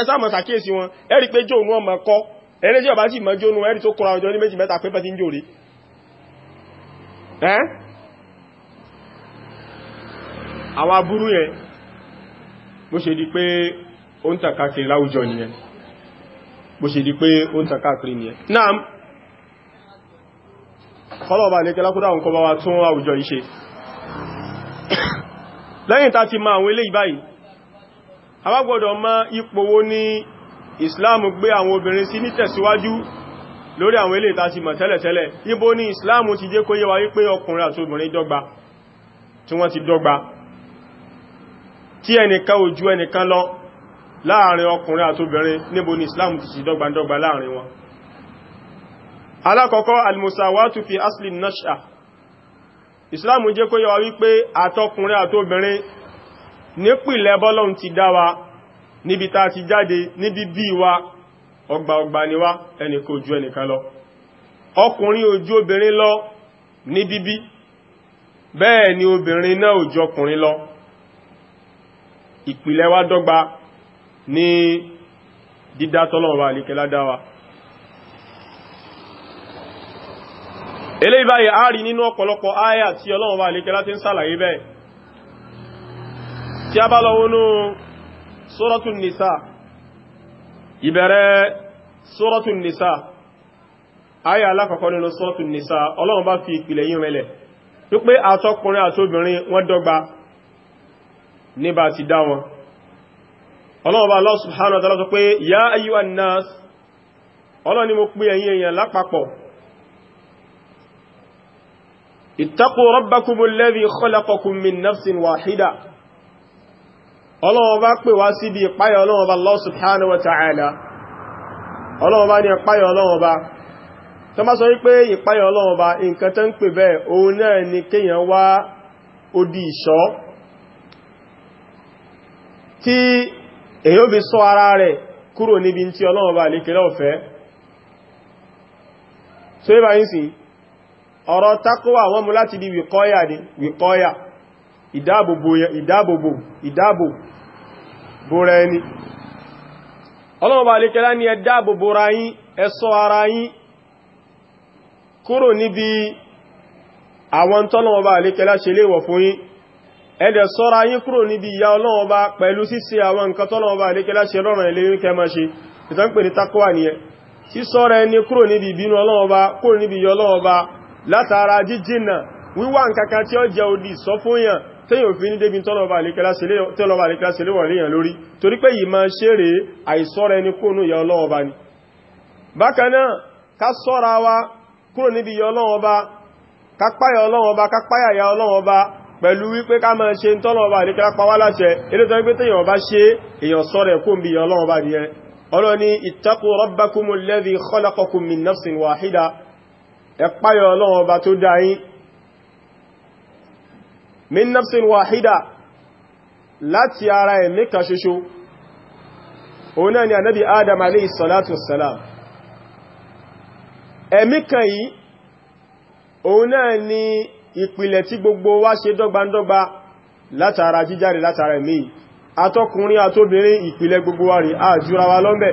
ẹsàmọ̀ sàkíyèsí wọn ẹ̀rí pé jóònú ọmọ kọ́ eré tí ọba sì mọ́ jóònú ẹ̀rí tó kọ́ra ọjọ́ ní méjì mẹ́ta pé pẹ́ ti ń jòrí àwọn aburú yẹn bó ṣe di pé ó ń tàn káàkiri láwùjọ nìyẹn bó ṣe di pé ó ń tàn káàkiri nìyẹn náà kọlọ̀ọ̀bà ní kẹlákúdà ń kọba wa tún àwùjọ ìṣe lẹ́yìn ta ti ma àwọn ilé ìbáyìí a wá gbọ́dọ̀ ma ipò ní Islam gbé àwọn obìnrin sí ní tẹ̀síwájú lórí àwọn ilé ìta ti mọ̀ tẹ́lẹ̀tẹ́lẹ̀ ibo ní Islam ti jẹ́ kó yé wa wípé ọkùnrin àti obìnrin dọ́gba tí wọ́n ti dọ́gba tí ẹnìkan ò ju ẹnìkan lọ láàrin ọkùnrin àti obìnrin níbo ní Islam ti sì dọ́gbandọ́gba láàrin wọn alákọ̀ọ́kọ́ almusawatu fi asli nash'a islam jẹ́ kó yé wa wípé àtọkùnrin àtobìnrin nípìlẹ̀ bọ́lọ́un ti dá wa níbi tá ti jáde níbi bí wa ọgbà ọgbà ni wá ẹnìkan ojú ẹnìkan lọ ọkùnrin ojú obìnrin lọ ní bíbí bẹ́ẹ̀ ni obìnrin náà ojú ọkùnrin lọ ìpìlẹ̀ wa dọ́gba ní dídá tọ́lọ́wà eléyìí ibe a rí nínú ọ̀pọ̀lọpọ̀ aya tí ọlọ́run bá lékẹ́ láti ń sàlàyé bẹ́ẹ̀ tí a bá lọ wọnú sórọ́tún nìsá ìbẹ̀rẹ̀ sórọ́tún nìsá àyà alákọ̀ọ́kọ́ nínú sórọ́tún nìsá ọlọ́run bá fi ìpìlẹ̀ yìí rẹlẹ̀ wípé àtọkùnrin àtobìnrin wọ́n dọ́gba níbà ti dá wọn ọlọ́run bá اتقوا ربكم الذي خلقكم من نفس واحدة Ọlọ́run bá pè wá síbi ìpáyà Ọlọ́run bá Allah subhanahu wa ta'ala. Ọlọ́run bá ní ìpáyà Ọlọ́run bá. Tó má sọ wípé ìpáyà Ọlọ́run bá, nǹkan tó ń pè bẹ́ẹ̀, òun náà ni kéèyàn wá odi ìṣọ́. Tí èyó fi sọ ara rẹ̀ kúrò níbi tí Ọlọ́run bá lè kéré ọ̀rọ̀ takowa wọn mú láti di wìkọ́yà ní wìkọ́yà ìdáàbòbò ìdáàbòbò ìdáàbò alékẹ́lá ni ẹ dáàbò ẹ ara yín kúrò níbi àwọn tọ́lọ́ọ̀bà alékẹ́lá ṣe léèwọ̀ fún yín ẹ dẹ̀ ṣọ́ra kúrò níbi ìyà ọlọ́ọ̀bà pẹ̀lú ṣíṣe àwọn nǹkan tọ́lọ́ọ̀bà alékẹ́lá ṣe lọ́rọ̀ ẹ̀lẹ́yìn kẹma ṣe ìtàn pè ní takowa kúrò níbi ìbínú kúrò níbi látara jíjìnà wíwá nkankan tí ó jẹ òdì sọ fún yàn tẹ́yìn òfin ní débi tọ́lọ̀bà àríkẹ́lá sílé wọ̀lé yàn lórí torí pé yìí máa ṣeré àìsọ́ra ẹni kúrò ní ìyà Ọlọ́run Ọba ni bákan náà ká sọ́ra wa kúrò níbi ìyà Ọlọ́run Ọba ká páyà Ọlọ́run Ọba ká páyà ìyà Ọlọ́run Ọba pẹ̀lú wípé ká máa ṣe tọ́lọ̀bà àríkẹ́lá pa wá ẹ̀páyọ̀ ọlọ́run ọba tó dá yín min nafsin wahida láti ara ẹ̀mí kan ṣoṣo òun náà ni ànábì adam alayhi salatu wassalam ẹ̀mí kan yìí òun náà ni ìpìlẹ̀ tí gbogbo wa ṣe dọ́gbandọ́gba látara jíjáre látara ẹ̀mí àtọkùnrin àtobìnrin ìpìlẹ̀ gbogbo wa rí àjúra lọ́mbẹ̀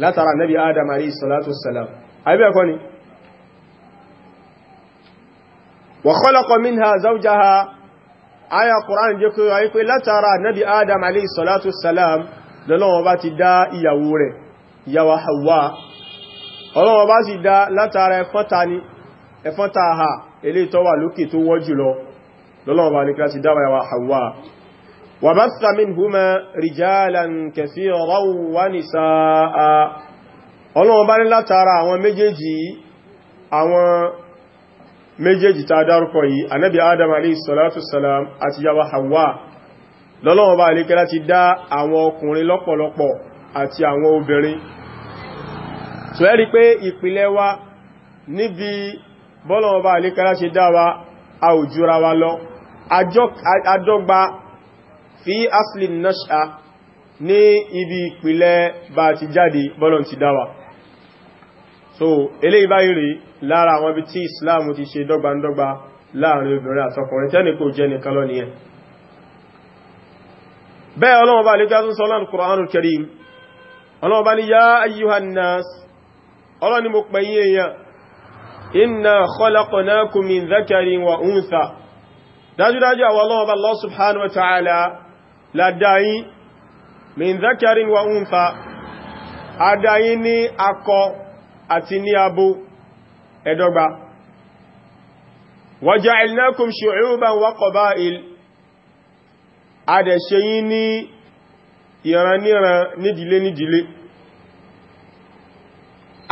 látara nabi adam alayhi salatu wassalam àbí ẹ̀kọ́ ni wa khalaqa minha zawjaha aya Qur'an jẹ́ kó ayé pé látara nabi adam alayhi salatu wassalam lọ́lọ́wọ́ bá ti dá ìyàwó rẹ̀ ìyàwó Hawa ọlọ́wọ́ bá sì dá látara ẹfọ́ta ni ẹfọ́ta ha eléyìí tó lókè tó wọ́ jùlọ lọ́lọ́wọ́ bá ní kí láti dáwà ìyàwó Hawa وبث منهما رجالا كثيرا ونساء ọlọ́wọ́n bá ní látara àwọn méjèèjì àwọn méjèèjì ta dárúkọ yìí anábi adam alayhi salatu salam àti yawa hawa lọ́lọ́wọ́n bá alékẹ́ láti dá àwọn ọkùnrin lọ́pọ̀lọpọ̀ àti àwọn obìnrin so ẹ́rí pé ìpìlẹ̀ wa níbi bọ́lọ́wọ́n bá fi asli nasha ní ibi ìpìlẹ̀ bá ti jáde bọ́lọ̀n ti dáwà so eléyìí báyìí rí lára àwọn ibi tí islam ti ṣe dọ́gbandọ́gba láàrin obìnrin àtọkùnrin tẹ́nì kò jẹ́ nìkan lọ nìyẹn bẹ́ẹ̀ ọlọ́wọ́ bá lẹ́gbẹ́ tún sọ́lá al-Qur'anul Karim ọlọ́wọ́ bá ní yá ayyuhan nas ọlọ́ni ládáyín min zakarin wa unfa adáyín ní akọ àti ní abo ẹ̀dọ́gba wa ja'alnakum shu'uban wa qaba'il adẹ̀ṣẹ́yìn ní ìraníran nídìlé nídìlé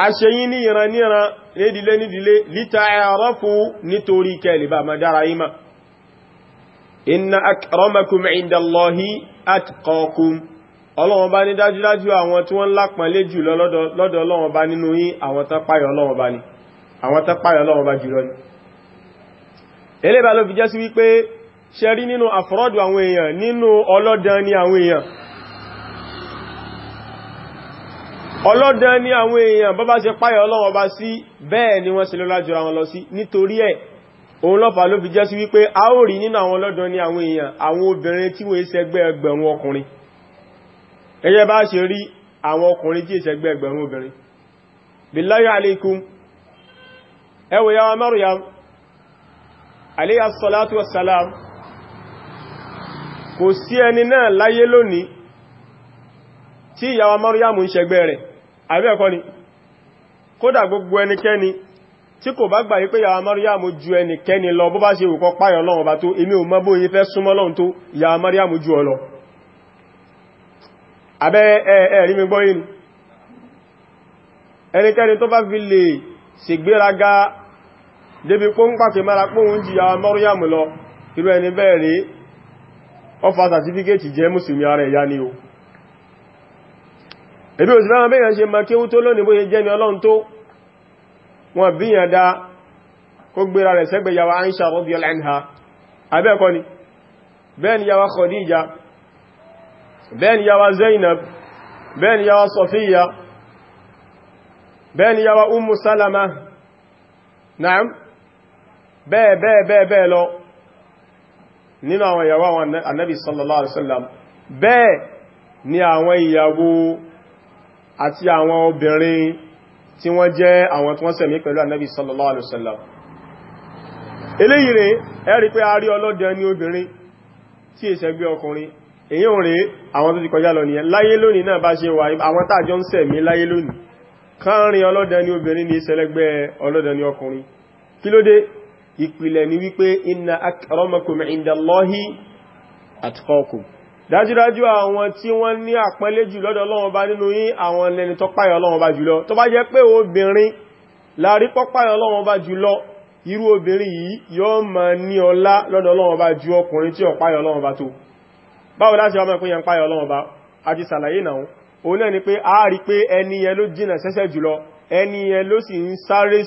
aṣẹ́yìn ní ìraníran nídìlé nídìlé lita'arafu nítorí kẹ́lìbà madára yíma inna akramakum indallahi atqakum ọlọ́wọ́n bá ní dájúdájú àwọn tí wọ́n lápọ̀nlé jù lọ́dọ̀ ọlọ́wọ́n bá nínú yín àwọn tán páyọ̀ ọlọ́wọ́n bá ní àwọn tán páyọ̀ ọlọ́wọ́n bá jùlọ ní elébà ló fi jẹ́ sí wípé ṣe rí nínú àfọ́rọ́dù àwọn èèyàn nínú ọlọ́dàn ni àwọn èèyàn ọlọ́dàn ni àwọn èèyàn bọ́bá sí òun lọ́fà ló fi jẹ́ sí wípé a ó rí nínú àwọn ọlọ́dọ̀ ní àwọn èèyàn àwọn obìnrin tí wọ́n ìṣẹ́gbẹ́ ẹgbẹ̀rún ọkùnrin ẹgbẹ́ bá ṣe rí àwọn ọkùnrin tí ìṣẹ́gbẹ́ ẹgbẹ̀rún obìnrin billahi alaikum ẹ yàwó Maryam alayhi salatu wassalam kò sí ẹni náà láyé lónìí tí yàwó Maryam ń ṣẹgbẹ́ rẹ̀ tí kò bá gbà yí pé yàwà Maryamu ju ẹnikẹ́ni lọ bó bá ṣe wùkọ́ páyọ̀ lọ́wọ́ bá tó èmi ò mọ́ bó yí fẹ́ súnmọ́ lọ́n tó yàwà Maryamu ju ọ lọ abẹ́ ẹ̀rí mi gbọ́ yìí ẹnikẹ́ni tó bá fi lè ṣègbéraga débi pọ́npàkì mara pọ́n jù yàwà Maryamu lọ irú ẹni bẹ́ẹ̀ rí ó wọ́n bíyàn dá kó gbéra rẹ̀ sẹ́gbẹ̀ yàwó Aisha radiyallahu anha abẹ́ẹ̀kọ́ ni bẹ́ẹ̀ni yàwó Khadija bẹ́ẹ̀ni yàwó Zainab bẹ́ẹ̀ni yàwó Safiya bẹ́ẹ̀ni yàwó Ummu Salama na'am bẹ́ẹ̀ bẹ́ẹ̀ bẹ́ẹ̀ bẹ́ẹ̀ lọ nínú àwọn ìyàwó àwọn annabi sallallahu alaihi tí wọ́n jẹ́ àwọn tí wọ́n ṣẹ̀mí pẹ̀lú ànábì sallallahu alaihi wasallam eléyìí rẹ̀ ẹ rí pé a rí ọlọ́dẹ ní obìnrin tí èsẹ̀gbẹ́ ọkùnrin èyí ò rí àwọn tó ti kọjá lọ nìyẹn láyé lónìí náà bá ṣe wà àwọn tààjọ ń ṣẹ̀mí láyé lónìí dájúdájú àwọn tí wọ́n ní àpẹẹlé jù lọ́dọ̀ Ọlọ́run bá nínú yín àwọn lẹni tó páyọ̀ Ọlọ́run bá jùlọ tó bá jẹ́ pé obìnrin láàrí pọ́páyọ̀ Ọlọ́run bá jùlọ irú obìnrin yìí yóò ma ní ọlá lọ́dọ̀ Ọlọ́run bá ju ọkùnrin tí ó páyọ̀ Ọlọ́run bá tó báwo láti ọmọ ìpínyàn páyọ̀ Ọlọ́run bá a ti sàlàyé náà òun náà ni pé a rí pé ẹni yẹn ló jìnà sẹ́sẹ̀ jùlọ ẹni yẹn ló sì ń sáré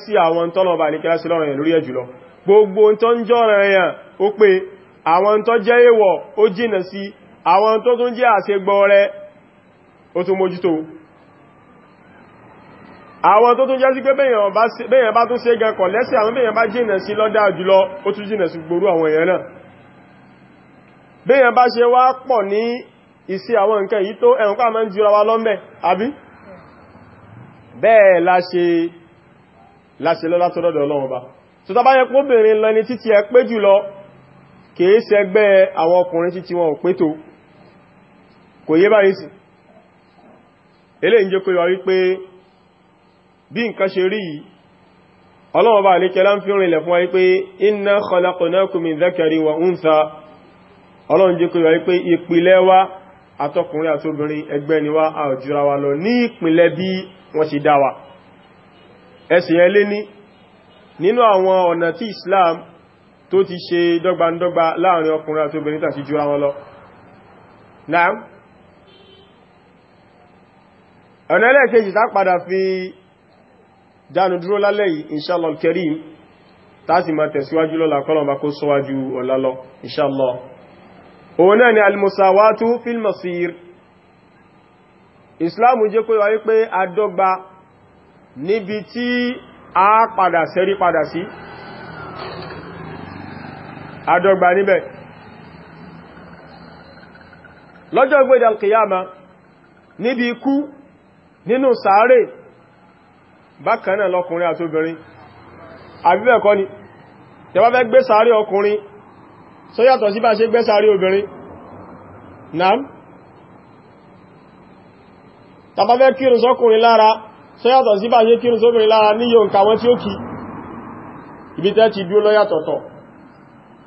sí àwọn tó tún jẹ́ àṣegbọ́ rẹ̀ ó tún mójútó àwọn tó tún jẹ́ sí pé bẹ́yàn bá tún ṣe gan kọ̀ lẹ́sẹ̀ àwọn bẹ́yàn bá jìnà sí lọ́dá jùlọ ó tún jìnà sí gbogbo àwọn èèyàn náà bẹ́yàn bá ṣe wá pọ̀ ní ìsí àwọn nǹkan yìí tó ẹ̀rùn ká máa ń jura wa lọ́mbẹ̀ àbí bẹ́ẹ̀ láṣe lọ́lá kò yé báyìí sí eléyìí jẹ́ kó yọ wípé bí nǹkan ṣe rí yìí ọlọ́wọ́ alékẹ́ lá ń fi rìnlẹ̀ fún wa wípé inna khalaqnakum min dhakari wa untha ọlọ́run jẹ́ kó yọ wípé ìpìlẹ̀ wa atọ́kùnrin àtobìnrin ẹgbẹ́ nínú àwọn ọ̀nà tí Islam tó ti ṣe dọ́gbandọ́gba láàrin ọkùnrin àtobìnrin tàbí jura wọn lọ naam ọ̀nà ẹlẹ́ẹ̀kejì tá padà fi dánu dúró lálẹ́ yìí inṣàlọ́l kerim tàti ma tẹ̀síwájú lọ́la kọ́lọ̀mà kó sọ́wájú ọ̀la lọ inṣàlọ́ òun náà ni almusawatu fil masir islamu jẹ́ kó wáyé pé adọ́gba níbi tí a padà sẹ́rí padà sí adọ́gba níbẹ̀ lọ́jọ́ gbé dal níbi ikú nínú sàárè bákan náà lọ́kùnrin àtóbìnrin àbíbẹ̀kọ́ ni tẹwà fẹ́ gbé sàárè ọkùnrin só yàtọ̀ sí bá ṣe gbé sàárè obìnrin naam tàbá fẹ́ kírun sọ́kùnrin lára só yàtọ̀ sí bá ṣe kírun sóbìnrin lára ní yóò nǹkan wọn tí ó kí ibi tẹ́ ti dúó lọ́yàtọ̀tọ̀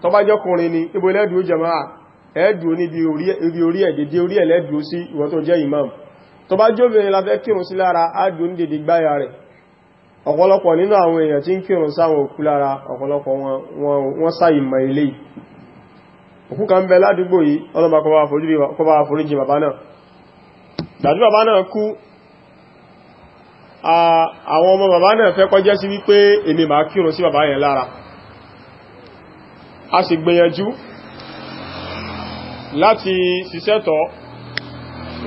tọba jọkùnrin ni ibo lẹ́dùú jẹmọ́ ẹ̀ẹ́dùú níbi imam tó bá jóbìnrin la fẹ́ kírun sí lára ájò ní dèdè gbáyà rẹ̀ ọ̀pọ̀lọpọ̀ nínú àwọn èèyàn tí ń kírun sáwọn òkú lára ọ̀pọ̀lọpọ̀ wọn sáyì mọ̀ ilé òkú kan bẹ ládùúgbò yìí ọlọ́mà kọba àforíjì bàbá náà dàdú bàbá náà kú àwọn ọmọ bàbá náà fẹ́ a sì gbìyànjú láti ṣiṣẹ́ tọ́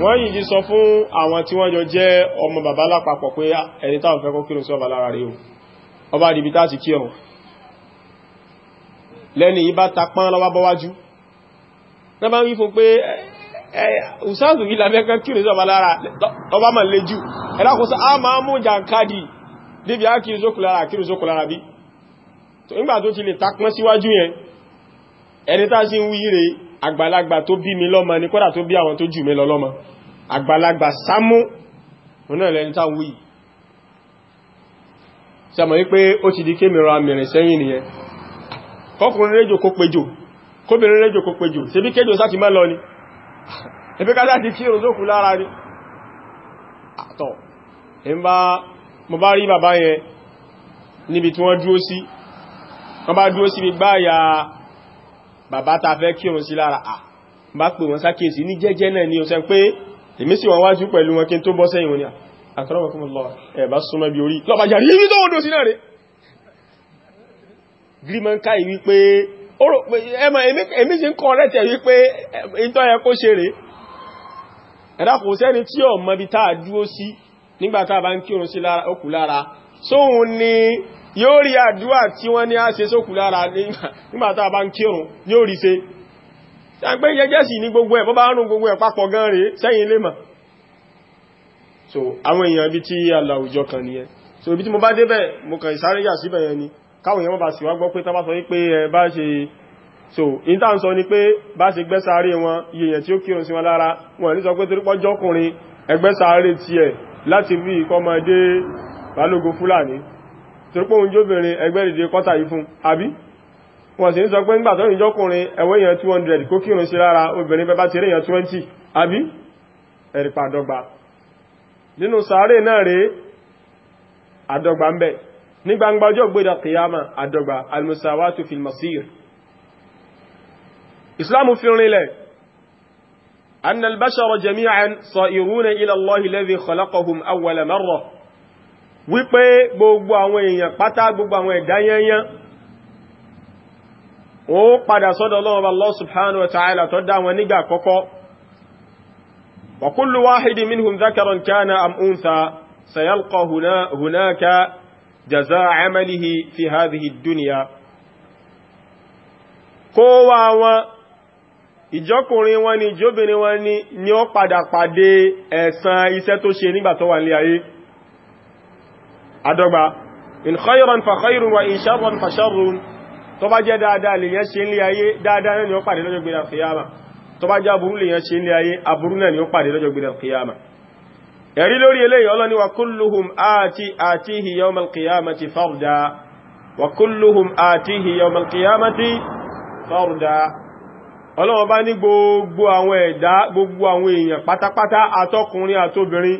wọ́n yìí jí sọ fún àwọn tí wọ́n jọ jẹ́ ọmọ bàbá lápapọ̀ pé ah, ẹni táwọn fẹ́ kó kírun sí ọba lára rí o ọba àdìbí tá ti kí ọ̀hún lẹ́ni yìí bá tapán lọ́wọ́ bọ́wájú náà bá ń wí fún pé ùsáàzù eh, eh, yìí lábẹ́kẹ́ kírun sí ọba lára ọba àgbàlagbà tó bí mi lọ́mọ ni kódà tó bí àwọn tó jù mí lọ lọ́mọ àgbàlagbà sámú òun náà lẹni tí a mọ̀ wípé ó ti di kémìrọ amìrìn sẹ́yìn nìyẹn kọkùnrin réjò kó péjò kóbìnrin réjò kó péjò ṣe bí kéjò sáti mọ́ lọ ni ẹbí ká láti kí èrò tókù lára ni àtọ̀ ẹ̀mbá mo bá rí bàbá yẹn níbi tí wọ́n dúró sí wọ́n bá dúró sí bí gbáyà bàbá ta fẹ́ kírun sí lára à bá pè wọn sákèsí ní jẹ́jẹ́ náà ni o sẹ́ pé èmi sì wọ́n wájú pẹ̀lú wọn kí n tó bọ́ sẹ́yìn wọn ni àkọ́lọ́wọ́kúnmọ́lọ́ ẹ̀bá súnmọ́ bí orí lọ́bàjá rí ibi tó wọ́n dò sí náà rẹ̀ grimanka yìí wípé ẹmọ èmi sì ń kọ́ rẹ̀ tẹ̀ wípé ìtọ́ ẹ kó ṣe rẹ̀ ẹ̀dá kò sẹ́ni tí ọ̀ mọ́bi tá a dúó sí nígbà tá a bá yóò rí àdúwà tí wọ́n ní a ṣe sókù lára nígbà tá a bá ń kírun yóò rí ṣe ṣàgbé jẹjẹ́ sì ní gbogbo ẹ̀ bọ́ bá rún gbogbo ẹ̀ papọ̀ gan rẹ̀ sẹ́yìn lè mà so àwọn èèyàn ibi tí aláwùjọ kan ni ẹ so ibi tí mo bá débẹ̀ mo kàn ìsáré yà síbẹ̀ yẹn ni káwọn èèyàn bá sì wá gbọ́ pé tá bá sọ wípé ẹ bá ṣe so ni pé bá ṣe gbẹ́ sáré wọn iye èèyàn tí ó kírun sí torípò oúnjẹ obìnrin ẹgbẹ́rìndé kọ́tà yìí fún àbí wọ́n sì ń sọ pé ń gbàtọ́ ìjọkùnrin ẹ̀wọ́ èèyàn 200 kó kírun sí lára obìnrin bẹ́bá ti rí èèyàn 20 àbí ẹ̀rìpà àdọ́gba nínú sàárè náà rèé àdọ́gba ń bẹ ní gbangba ọjọ́ gbéda kìyàmà àdọ́gba almusawatu fil masir islam fi rinlẹ̀ annal bashara jami'an sa'iruna ila allahi alladhi khalaqahum wípé gbogbo àwọn èèyàn pátá gbogbo àwọn ẹ̀dá yẹnyẹn wọ́n ó padà sọ́dọ̀ Ọlọ́run Ọba Allah subhanahu wa ta'ala tó dá wọn nígbà kọ́kọ́ wa kullu wahidin minhum dhakaran kana am untha hunaka jazaa amalihi fi hadhihi dunya kówa wọn ìjọkùnrin wọn ni ìjọbìnrin wọn ni ni ó padà pàdé ẹ̀san iṣẹ́ tó ṣe nígbà tó wà ní ayé adọ́gba in khayran fa khayrun wa in sharran fa sharrun tó bá jẹ́ dáadáa lèyàn ṣe ń lé ayé dáadáa náà ni ó pàdé lọ́jọ́ gbéra kìyàmà tó bá jẹ́ aburú lèyàn ṣe ń lé ayé aburú náà ni ó pàdé lọ́jọ́ gbéra kìyàmà ẹ̀rí lórí eléyìí ọlọ́ni wa kulluhum àti àtihi yawmal qiyamati farda wa kulluhum àtihi yawmal qiyamati farda ọlọ́wọ́ bá ní gbogbo àwọn ẹ̀dá gbogbo àwọn èèyàn pátápátá àtọkùnrin àtobìnrin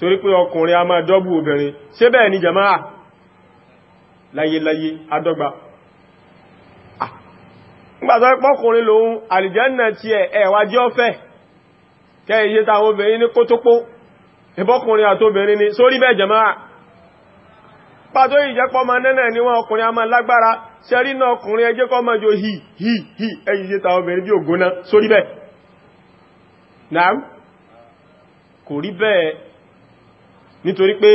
torí pé ọkùnrin a máa dọ́bù obìnrin ṣé bẹ́ẹ̀ ni jama'a láyéláyé adọ́gba nígbàtọ́ pọ́kùnrin lòun àlìjánà ti ẹ̀wà jẹ́ ọ́fẹ́ kẹ́ iye ta obìnrin ní kótópó ìbọ́kùnrin àtóbìnrin ni sórí bẹ́ẹ̀ jama'a pàtó ìjẹ́pọ̀ ma nẹ́nà ni wọ́n ọkùnrin a máa lágbára ṣẹ́rí náà ọkùnrin ẹjẹ́ kọ́ máa jò hì hì hì ẹ̀yìn ṣe ta obìnrin bí ògúnná sórí bẹ́ẹ̀ náà kò rí bẹ́ẹ̀ nítorí pé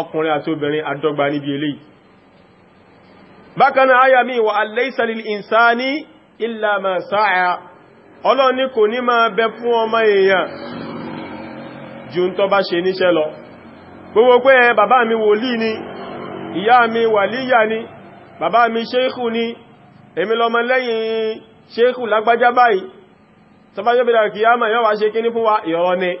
ọkùnrin àti obìnrin àdọ́gba níbi eléyìí bákan náà àyà mi wà alaysa lil insani illa ma sa'a ọlọ́run ní kò ní máa bẹ fún ọmọ èèyàn ju ń tọ́ bá ṣe níṣẹ́ lọ gbogbo pé ẹ bàbá mi wòlíì ni ìyá mi wàlíyà ni bàbá mi ṣéèkù ni èmi lọmọ lẹ́yìn ṣéèkù lágbájá báyìí tọ́bájọ́bẹ̀dà kìí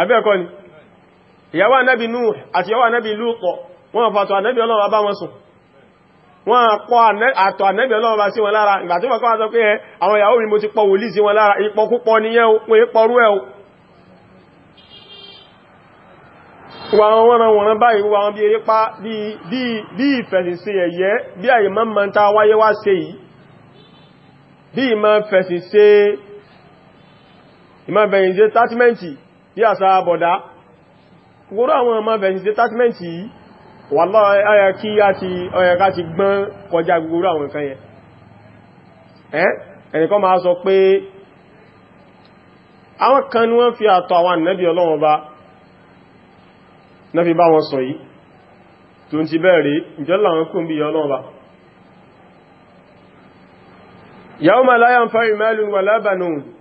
àbẹ́ẹ̀kọ́ ni ìyàwó anábi Nuh àti ìyàwó anábi Lúùtọ̀ wọ́n fàtọ̀ anábi Ọlọ́run bá wọn sùn wọ́n kọ́ àtọ̀ anábi Ọlọ́run bá sí wọn lára ìgbà tí wọ́n kọ́ àtọ́ pé àwọn ìyàwó mi mo ti pọ̀ wòlí sí wọn lára ìpọkúpọ nìyẹn pé pọrú ẹ̀ wọ́n wọ́n wọ́n báyìí wọ́n bí erépa bí ìfẹ̀sìnsí ẹ̀yẹ́ bí àyè mọ́ mọ́ ta wáyé wá ṣe yìí bí àṣà bọ̀dá gbogbo àwọn ọmọ bẹ̀sí statement yìí wà lọ́yẹ kí ọyẹ̀ká ti gbọ́n kọjá gbogbo àwọn nǹkan yẹn ẹnìkan máa sọ pé àwọn kan ní wọ́n fi àwọn ọlọ́wọ́n bá sọ yìí tó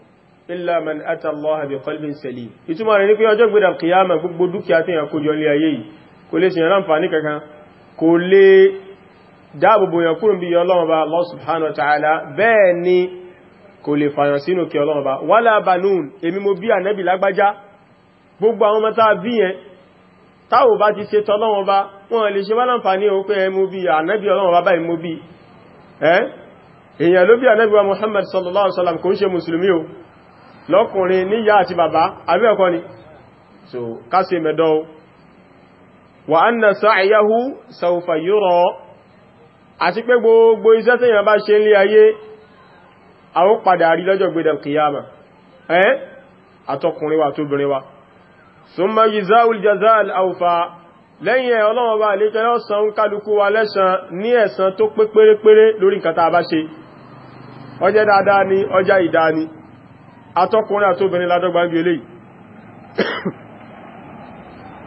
illa man ata Allah bi qalbin salim ìtumọ̀ rẹ̀ ni pé ọjọ́ gbeda qiyama gbogbo dúkìá tí yan kó jọ lé ayé yìí kò lè ṣe yan ànfààní kankan kò lè dáàbò bo yan kúrò bí Ọlọ́run ba Allah subhanahu wa ta'ala bẹ́ẹ̀ ni kò lè fàyàn sínú kí Ọlọ́run ba wala banun èmi mo bí Ànábì lágbájá gbogbo àwọn mata bí yẹn tá ò bá ti ṣe t'Ọlọ́run ba wọn lè ṣe wá ànfààní ó pé mo bí Ànábì Ọlọ́run ba báyìí mo bí eh èyàn ló bí Ànábì Muhammad sallallahu alaihi wasallam kò ṣe muslimi o lọ́kùnrin níyà àti bàbá abẹ́ẹ̀kọ́ ni so kásí mẹ́dọ́ wà án na sa'ayahu sawfa yura àti pé gbogbo iṣẹ́ tí yàn bá ṣe ní ayé àwọn padà rí lọ́jọ́ gbẹ̀dẹ̀ wa tóbìnrin wa summa yizawul jazal awfa lẹ́yìn ẹ̀ ọlọ́wọ́ bá lẹ́kẹ́ lọ́sàn ń kálukú wa lẹ́sàn ní ẹ̀san tó pé pérépéré lórí nǹkan tá a bá ṣe ọjẹ́ dáadáa ni ọjá ìdáa ni atọ́kùnrin àtóbìnrin ládọ́gba ń bí eléyìí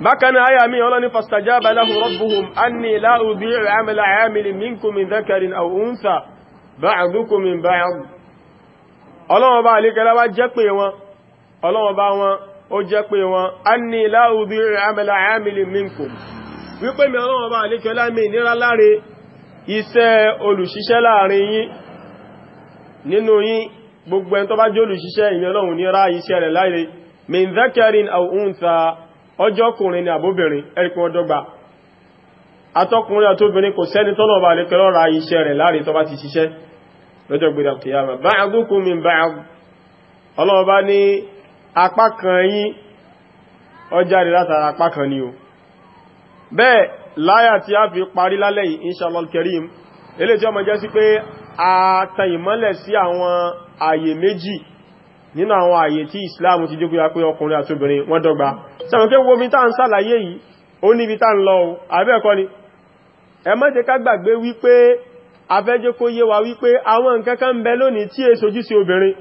bákanáà ayà mi ọlọ́ni fastajaba lahu rabbuhum anni la udi'u amala 'amilin minkum min dhakarin aw untha ba'dukum min ba'd ọlọ́wọ́ bá alékẹ́lá wá jẹ́ pé wọn ọlọ́wọ́ bá wọn ó bá alékẹ́lá mi nira láre gbogbo ẹn tó bá jólù ṣiṣẹ́ ìmì ọlọ́run ní ra iṣẹ́ rẹ̀ láìrí min dhakarin untha ọjọ́kùnrin ni àbóbìnrin ẹ̀rìkún ọdọ́gba atọ́kùnrin àtóbìnrin kò sẹ́ni tọ́nà ọba lè kẹrọ ra iṣẹ́ rẹ̀ láìrí tó bá ti ṣiṣẹ́ lọ́jọ́ gbèrè kìyàmà ba'dukum min ba'd ọlọ́run bá ní apá kan yín ọjà rẹ̀ ààyè méjì nínú àwọn ààyè tí Islam ti jókòó pé ọkùnrin àti obìnrin wọ́n dọ́gba sẹ́wọ̀n pé wo mi tá ń sàlàyé yìí ó níbi tá ń lọ àbẹ́ẹ̀kọ́ ni ẹ má jẹ́ ká gbàgbé wípé afẹ́jẹ́ kó yé wa wípé àwọn nǹkan kan ń bẹ lónìí tí è sojú sí obìnrin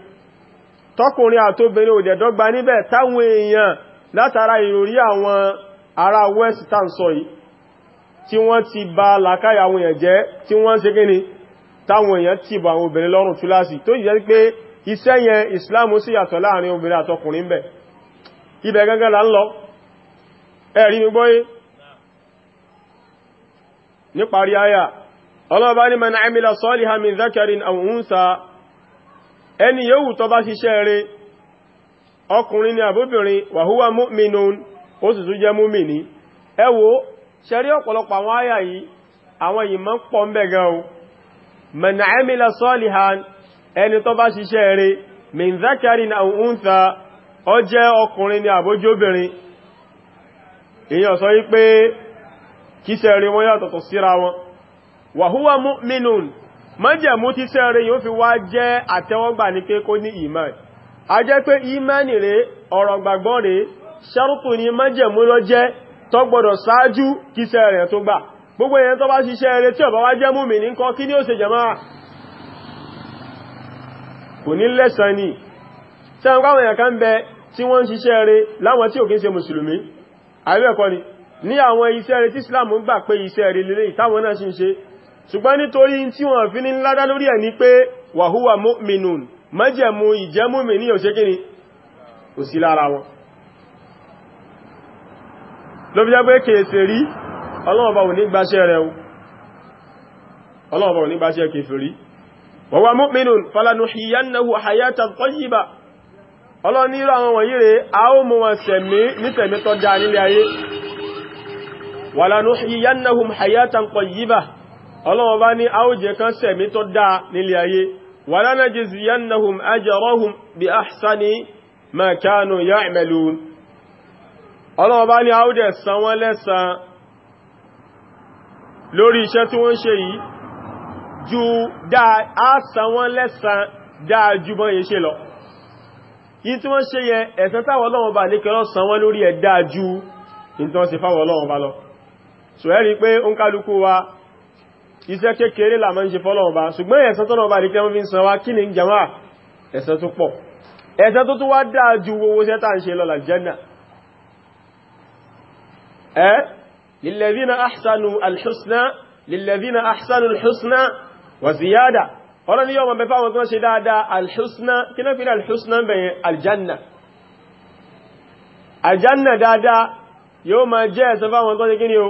tọkùnrin àti obìnrin ò dẹ̀dọ́gba níbẹ̀ táwọn èèyàn táwọn èèyàn ti bọ àwọn obìnrin lọ́rùn túláàsì tó jẹ́ pé iṣẹ́ yẹn Islam sì yàtọ̀ láàrin obìnrin àtọkùnrin bẹ̀ ibẹ̀ gangan là ń lọ ẹ̀rí mi gbọ́yé níparí ayà ọlọ́ọ̀bá unsa ẹni yóò tó bá ṣiṣẹ́ ni àbóbìnrin wa huwa mu'minun ó sì tún jẹ́ múmìnì ẹ wò ṣẹ́rí ọ̀pọ̀lọpọ̀ àwọn ayà ìmọ̀ pọ̀ ń bẹ̀ gan man emila salihan ẹni tó bá ṣiṣẹ́ rẹ̀ min zakarin aw untha ó jẹ́ ọkùnrin ni àbójóbìnrin èyàn sọ wípé kíṣẹ́ rẹ̀ wọ́n yàtọ̀tọ̀ síra wọn wa huwa mu'minun májẹ̀mú tí ṣẹ́ rẹ̀ yóò fi wá jẹ́ àtẹ́wọ́gbà ní pé kó ní ìmán a ni májẹ̀mú lọ je tó gbọ́dọ̀ ṣáájú kíṣẹ́ rẹ̀ gbogbo èyàn tó bá ṣiṣẹ́ eré tí ó bá wá jẹ́ múmi ní kọ́ kí ní ó ṣe jẹmáà kò ní lẹ́san ni sẹ́wọ́n káwọn èyàn kan ni ní àwọn iṣẹ́ eré tí Islam gbà pé iṣẹ́ eré lélé ìtàwọn náà ṣe ń ṣe ṣùgbọ́n nítorí tí wọ́n fi ní ládá lórí ẹ̀ ní pé ìjẹ́múmi ní òṣèkíní òsì wọn lóbi jẹ́ pé kèèsè rí ọlọ́wọ́ bá wò ní gbáṣẹ́ rẹ̀ ọlọ́wọ́ bá wò ní gbáṣẹ́ kèfèrí wọ́wọ́ mu'minun falanuhiyannahu hayatan tayyiba ọlọ́ni irú àwọn wọ̀nyí rẹ̀ a ó mú wọn sẹ̀mí nítẹ̀mí tó dáa nílé ayé walanuhiyannahum hayatan tayyiba ọlọ́wọ́ bá ní a ó jẹ kan sẹ̀mí tó dáa nílé ayé walanajziyannahum ajrahum lórí iṣẹ́ tí wọ́n ṣe yìí ju àásán wọn lẹ́sàn dáa ju bọ́n yẹ ṣe lọ yìí tí wọ́n ṣe yẹ ẹ̀san táwọn Ọlọ́run bá lékẹ́lọ́ san wọ́n lórí ẹ̀ dáa ju ìtàn sí fáwọn Ọlọ́run bá lọ so ẹ́rí pé ó ń kálukú wa iṣẹ́ kékeré làmọ́ ń ṣe fọ́lọ́run bá ṣùgbọ́n ẹ̀san tọ́lọ́run bá lékẹ́lọ́ fi ń san wá kí ni jama ẹ̀san tó pọ̀ ẹ̀san tó tún wá dáa ju owó sẹ́ta ń ṣe lọ làjẹ́nà ẹ́ lilladhina ahsanu alhusna lilladhina ahsanu alhusna wa ziyada ọ̀rọ̀ ni yọ́ ma bẹ̀fà àwọn tó ṣe dáadáa alhusna kí náà fi ní alhusna bẹ̀yẹn aljanna aljanna dáadáa yóò ma jẹ́ ẹ̀sẹ̀ fáwọn tó ṣe kí ni o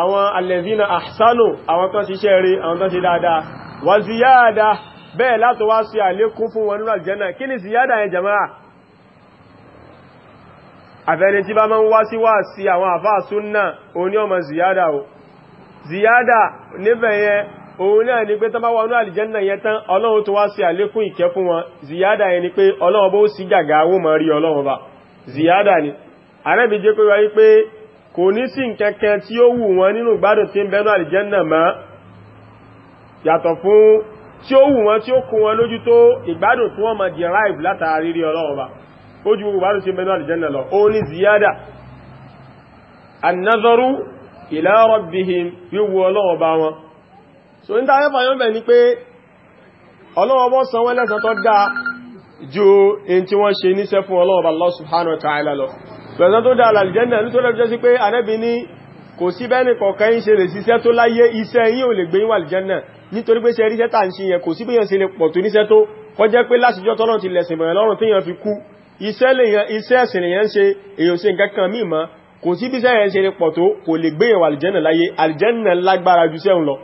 àwọn alladhina ahsanu àwọn tó ṣiṣẹ́ rí àwọn tó ṣe dáadáa wa ziyada bẹ́ẹ̀ láti wá sí àlékún fún wọn nínú aljanna kí ni ziyada yẹn jama'a àfẹ́ni tí bá máa ń wá sí wá sí àwọn àfáà súnnà òní ọmọ ziyada o ziyada níbẹ̀ yẹn òun náà ni pé tán bá wọnú àlìjẹ́nà yẹn tán ọlọ́run tó wá sí àlékún ìkẹ́ fún wọn ziyada yẹn ni pé ọlọ́run bó sí gàgà awó mọ̀ rí ọlọ́run bá ziyada ni àrẹ́bí jẹ́ pé wáyé pé kò ní sí nkẹ́kẹ́ tí ó wù wọn nínú gbádùn tí ń bẹnu àlìjẹ́nà mọ́ yàtọ̀ fún tí ó wù wọn tí ó kún wọn lójú tó ìgbádùn tí wọ́n mọ̀ derive látàrí rí ọlọ́run bá ó ju gbogbo àrùn sí mẹ́nu àlìjẹ́nà lọ ó ní ziyada annazaru ila rabbihim yóò wu ọlọ́wọ́ bá wọn so ní tàbí fàyọ́ bẹ̀ ni pé ọlọ́wọ́ bọ́ san wọ́n lẹ́san tó dáa ju in tí wọ́n ṣe níṣẹ́ fún ọlọ́wọ́ bá Allah subhanahu wa ta'ala lọ lọ́sán tó dáa àlìjẹ́nà nítorí ọjọ́ sí pé anẹ́bí ní ṣe ríṣẹ́ tà ń ṣe yẹn kò sí bí yẹn ṣe lè pọ̀ tó níṣẹ́ tó kọjẹ́ pé láṣìjọ́ tọ́lọ́ ti lẹ̀sìn lọ́rùn tí yẹn fi kú iṣẹ́ ẹ̀sìn èyàn ṣe èyàn ṣe nǹkan kan míì mọ́ kò sí bí iṣẹ́ yẹn ṣe pọ̀ tó kò lè gbé èyàn aljanna láyé aljanna lágbára ju sẹ́hùn lọ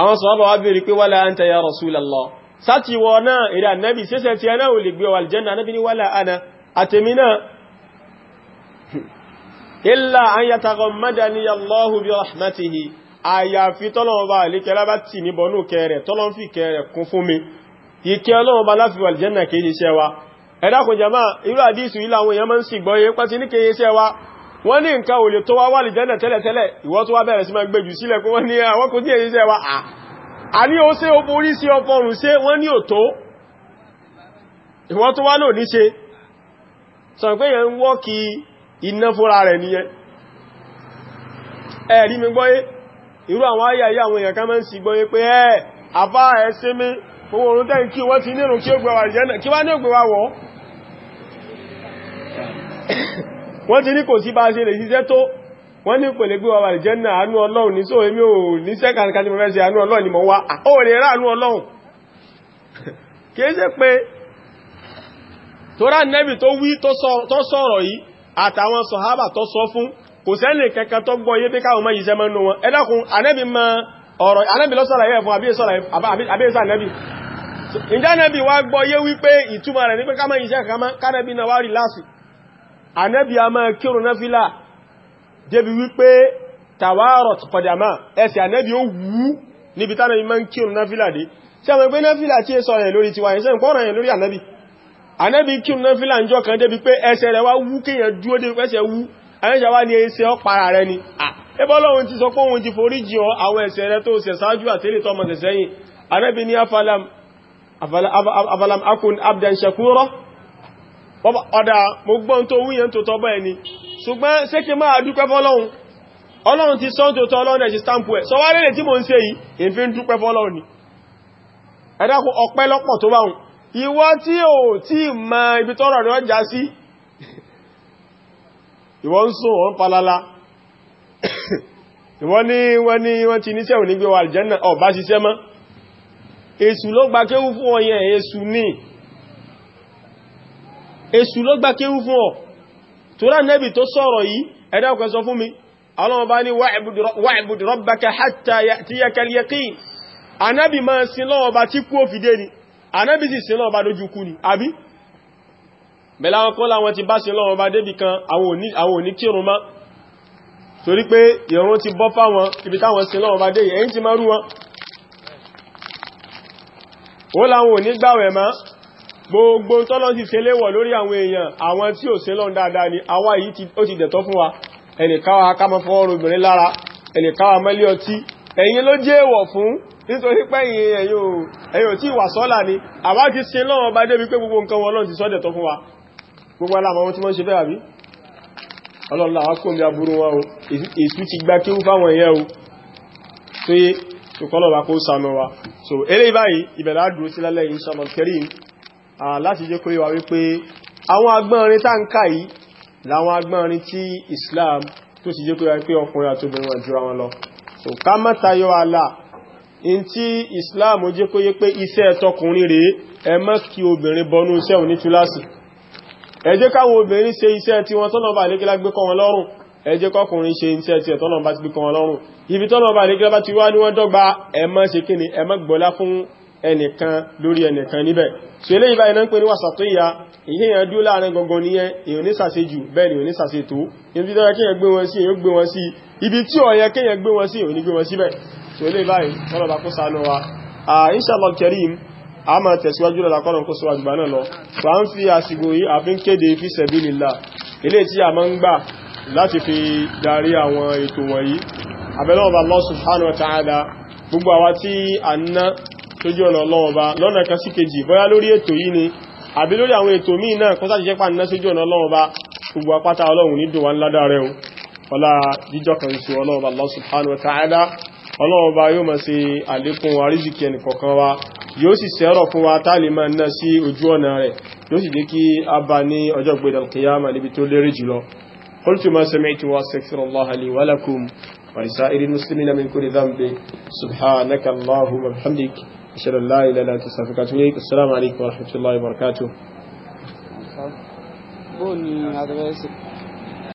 àwọn sọ́ọ́bà wá bèèrè pé wala anta ya Rasulallah sáti wọ náà èrè ànábì ṣẹ́ṣẹ́ ti ẹ̀nà ò lè gbé wala ana àtẹ̀mí náà illa an yataghammadani Allahu bi rahmatihi àyàfi tọ́lọ́wọ́ bá àlékẹ́ lábá tì níbọnú kẹrẹ tọ́lọ́ fi kẹrẹ kún fún mi ìkẹ́ ọlọ́wọ́ bá láfi wà aljanna kéjì ṣẹ́wàá ẹ̀dàkùn jama irú àdísù ilá àwọn èèyàn máa ń sì gbọ́yé pàtí ní kèye iṣẹ́ wa wọ́n ní nǹkan ò lè tó wá wà lè jẹ́nà tẹ́lẹ̀tẹ́lẹ̀ ìwọ́ tó wá bẹ̀rẹ̀ sí máa gbèjù sílẹ̀ kó wọ́n ní àwọn kò tí èyí iṣẹ́ wa à ní ó sé ó borí sí àbá ẹ̀ sí mi gbogbo orun kí wọ́n ti nírun kí ó gbẹ̀wà wọ̀ wọ́n ti ní kò sí bá ṣe lè ṣiṣẹ́ tó wọ́n ní pẹ̀lẹ̀ gbé wà jẹ́ náà àánú ọlọ́run ní sóò èmi ò ní sẹ́kànkan tí mo fẹ́ ṣe àánú ọlọ́run ni mo wá ó lè rá àánú ọlọ́run kìí ṣe pé torá nẹ́bì tó wí tó sọ̀rọ̀ yìí àtàwọn sọ̀hábà tó sọ fún kò sẹ́nì kankan tó gbọ́ yé pé káwọn mọ́ ìṣẹ́ mọ́nú wọn ẹlẹ́kùn anẹ́bì mọ́ ọ̀rọ̀ anẹ́bì lọ́sọ̀rọ̀ yẹ́ fún àbíyèsà nẹ́bì ìjánẹ́bì wá gbọ́ yé wípé ìtumọ̀ rẹ̀ anẹ́bí a máa kírùn náà fílà débi wípé tawarot kọjàmá ẹsẹ̀ anẹ́bí ó wú níbi tánà bí máa kírùn náà fílà dé tí a mọ̀ pé náà fílà tí è sọ̀rọ̀ lórí tiwa ẹ̀sẹ̀ ìpọ́nà yẹn lórí anẹ́bí anẹ́bí kírùn náà fílà ń jọ kan débi pé ẹsẹ̀ rẹ̀ wá wú kéèyàn dúó débi pẹ́sẹ̀ wú ayẹ́sẹ̀ wá ní ẹsẹ̀ ọ̀para rẹ̀ ni ẹbọ́lọ́run ti sọ pé òun ti forí afalam akun abdan shakura ọ̀dà mo gbọ́n tó wúyẹn tó tọ́ bẹ́ẹ̀ ni ṣùgbọ́n ṣé kí máa dúpẹ́ fọ́lọ́run ọlọ́run ti sọ́n tó tọ́ ọlọ́run ẹ̀ṣì stampu ẹ̀ sọwá lẹ́lẹ̀ tí mo ń ṣe yìí èfi dúpẹ́ fọ́lọ́run ni ẹ dákun ọpẹ́ lọ́pọ̀ tó báhùn ìwọ tí ò tí ma ibi tọ́rọ̀ rẹ̀ ọjà sí ìwọ ń èṣù ló gbà kéwú fún ọ tóra nẹ́bì tó sọ̀rọ̀ yìí ẹ̀dá ọkọ̀ sọ fún mi ọlọ́run bá ní wa'bud rabbaka hatta ya'tiyaka al-yaqin anábì máa sin lọ́wọ́ bá tí kú òfìdé ni anábì sì sin lọ́wọ́ bá dojú kú ni àbí bẹ̀lá wọn kọ́ láwọn ti bá sin lọ́wọ́ bá débì kan àwọn òní kírun má torí pé ìrun ti bọ́ fáwọn ibi táwọn sin lọ́wọ́ bá dé yẹ̀yìn ti máa rú wọn ó láwọn òní gbàwẹ̀ máa gbogbo tọ́lọ́n ti ṣeléwọ̀ lórí àwọn èèyàn àwọn tí ò ṣe lọ́n dáadáa ni àwa yìí ó ti dẹ̀tọ́ fún wa ẹnìkáwà akámọ́ fọ́ọ̀rọ̀ obìnrin lára ẹnìkáwà mẹ́lẹ́ ọtí ẹ̀yin ló jẹ́ èèwọ̀ fún nítorí pé ẹ̀yin ò tí ìwà sọ́là ni àwa ti ṣe lọ́wọ́ ọba débi pé gbogbo nǹkan wọn lọ́n wa so eléyìí báyìí ìbẹ̀rẹ̀ àdúró sí lálẹ́ inshallah karim láti jẹ́ kó yé wa wípé àwọn agbọ́nrin tá ń kà yìí láwọn agbọ́nrin tí Islam tó ti jẹ́ kó yé wa wípé ọkùnrin àti obìnrin wọn jùra wọn lọ so ká má tayọ àlà in tí Islam jẹ́ kó yé pé iṣẹ́ tọkùnrin rèé ẹ má kí obìnrin bọnú iṣẹ́ òní túláàsì ẹ jẹ́ káwọn obìnrin ṣe iṣẹ́ tí wọ́n tọ́nà bá lékelá gbé kọ́ wọn lọ́rùn ẹ jẹ́ kọkùnrin ṣe iṣẹ́ tí ẹ̀tọ́nà bá ti gbé kọ́ wọn lọ́rùn ibi tọ́nà bá lékelá bá ti wá ní wọ́n dọ́gba ẹ ṣe kíni ẹ gbọ́lá fún ẹnìkan lórí ẹnìkan níbẹ̀ so ilé ìbá iná ń pè ní wàsàtíyà ìyẹ́ ìyàn dúó láàrin gbọngbọn ní èyàn ní sàṣe jù bẹ́ẹ̀ ni ò ní sàṣe tó ibi tó yẹ kéèyàn gbé wọn sí èyàn gbé wọn sí ibi tí ó yẹ gbé wọn sí èyàn ní gbé wọn síbẹ̀ so ilé ìbá ìtọ́lọ̀bà kó sánú inshallah kerim a máa tẹ̀síwájú lọ́la kọ́nà kó síwájú bá náà lọ wà ń fi àsìkò yìí àfi ń kéde fi sabilillah ilé tí a ń Allah subhanahu wa ta'ala gbogbo àwa tí ná lójú ọ̀nà ọlọ́wọ́ bá lọ́nà kan sí kejì bóyá lórí ètò yìí ni àbí lórí àwọn ètò míì náà kọ́sá ti jẹ́pà ná sójú ọ̀nà ọlọ́wọ́ bá gbogbo apáta ọlọ́run ní dùn wá ńládà rẹ̀ ọlá jíjọ kan sí ọlọ́wọ́ bá Allah subhanahu wa ta'ala ọlọ́wọ́ bá yóò máa ṣe àlékún wa rízìkì ẹnì سمعت واستغفر الله لي ولكم ولسائر المسلمين من كل ذنب سبحانك اللهم وبحمدك أشهد أن لا إله إلا أنت أستغفرك إليك السلام عليكم ورحمة الله وبركاته هذا بس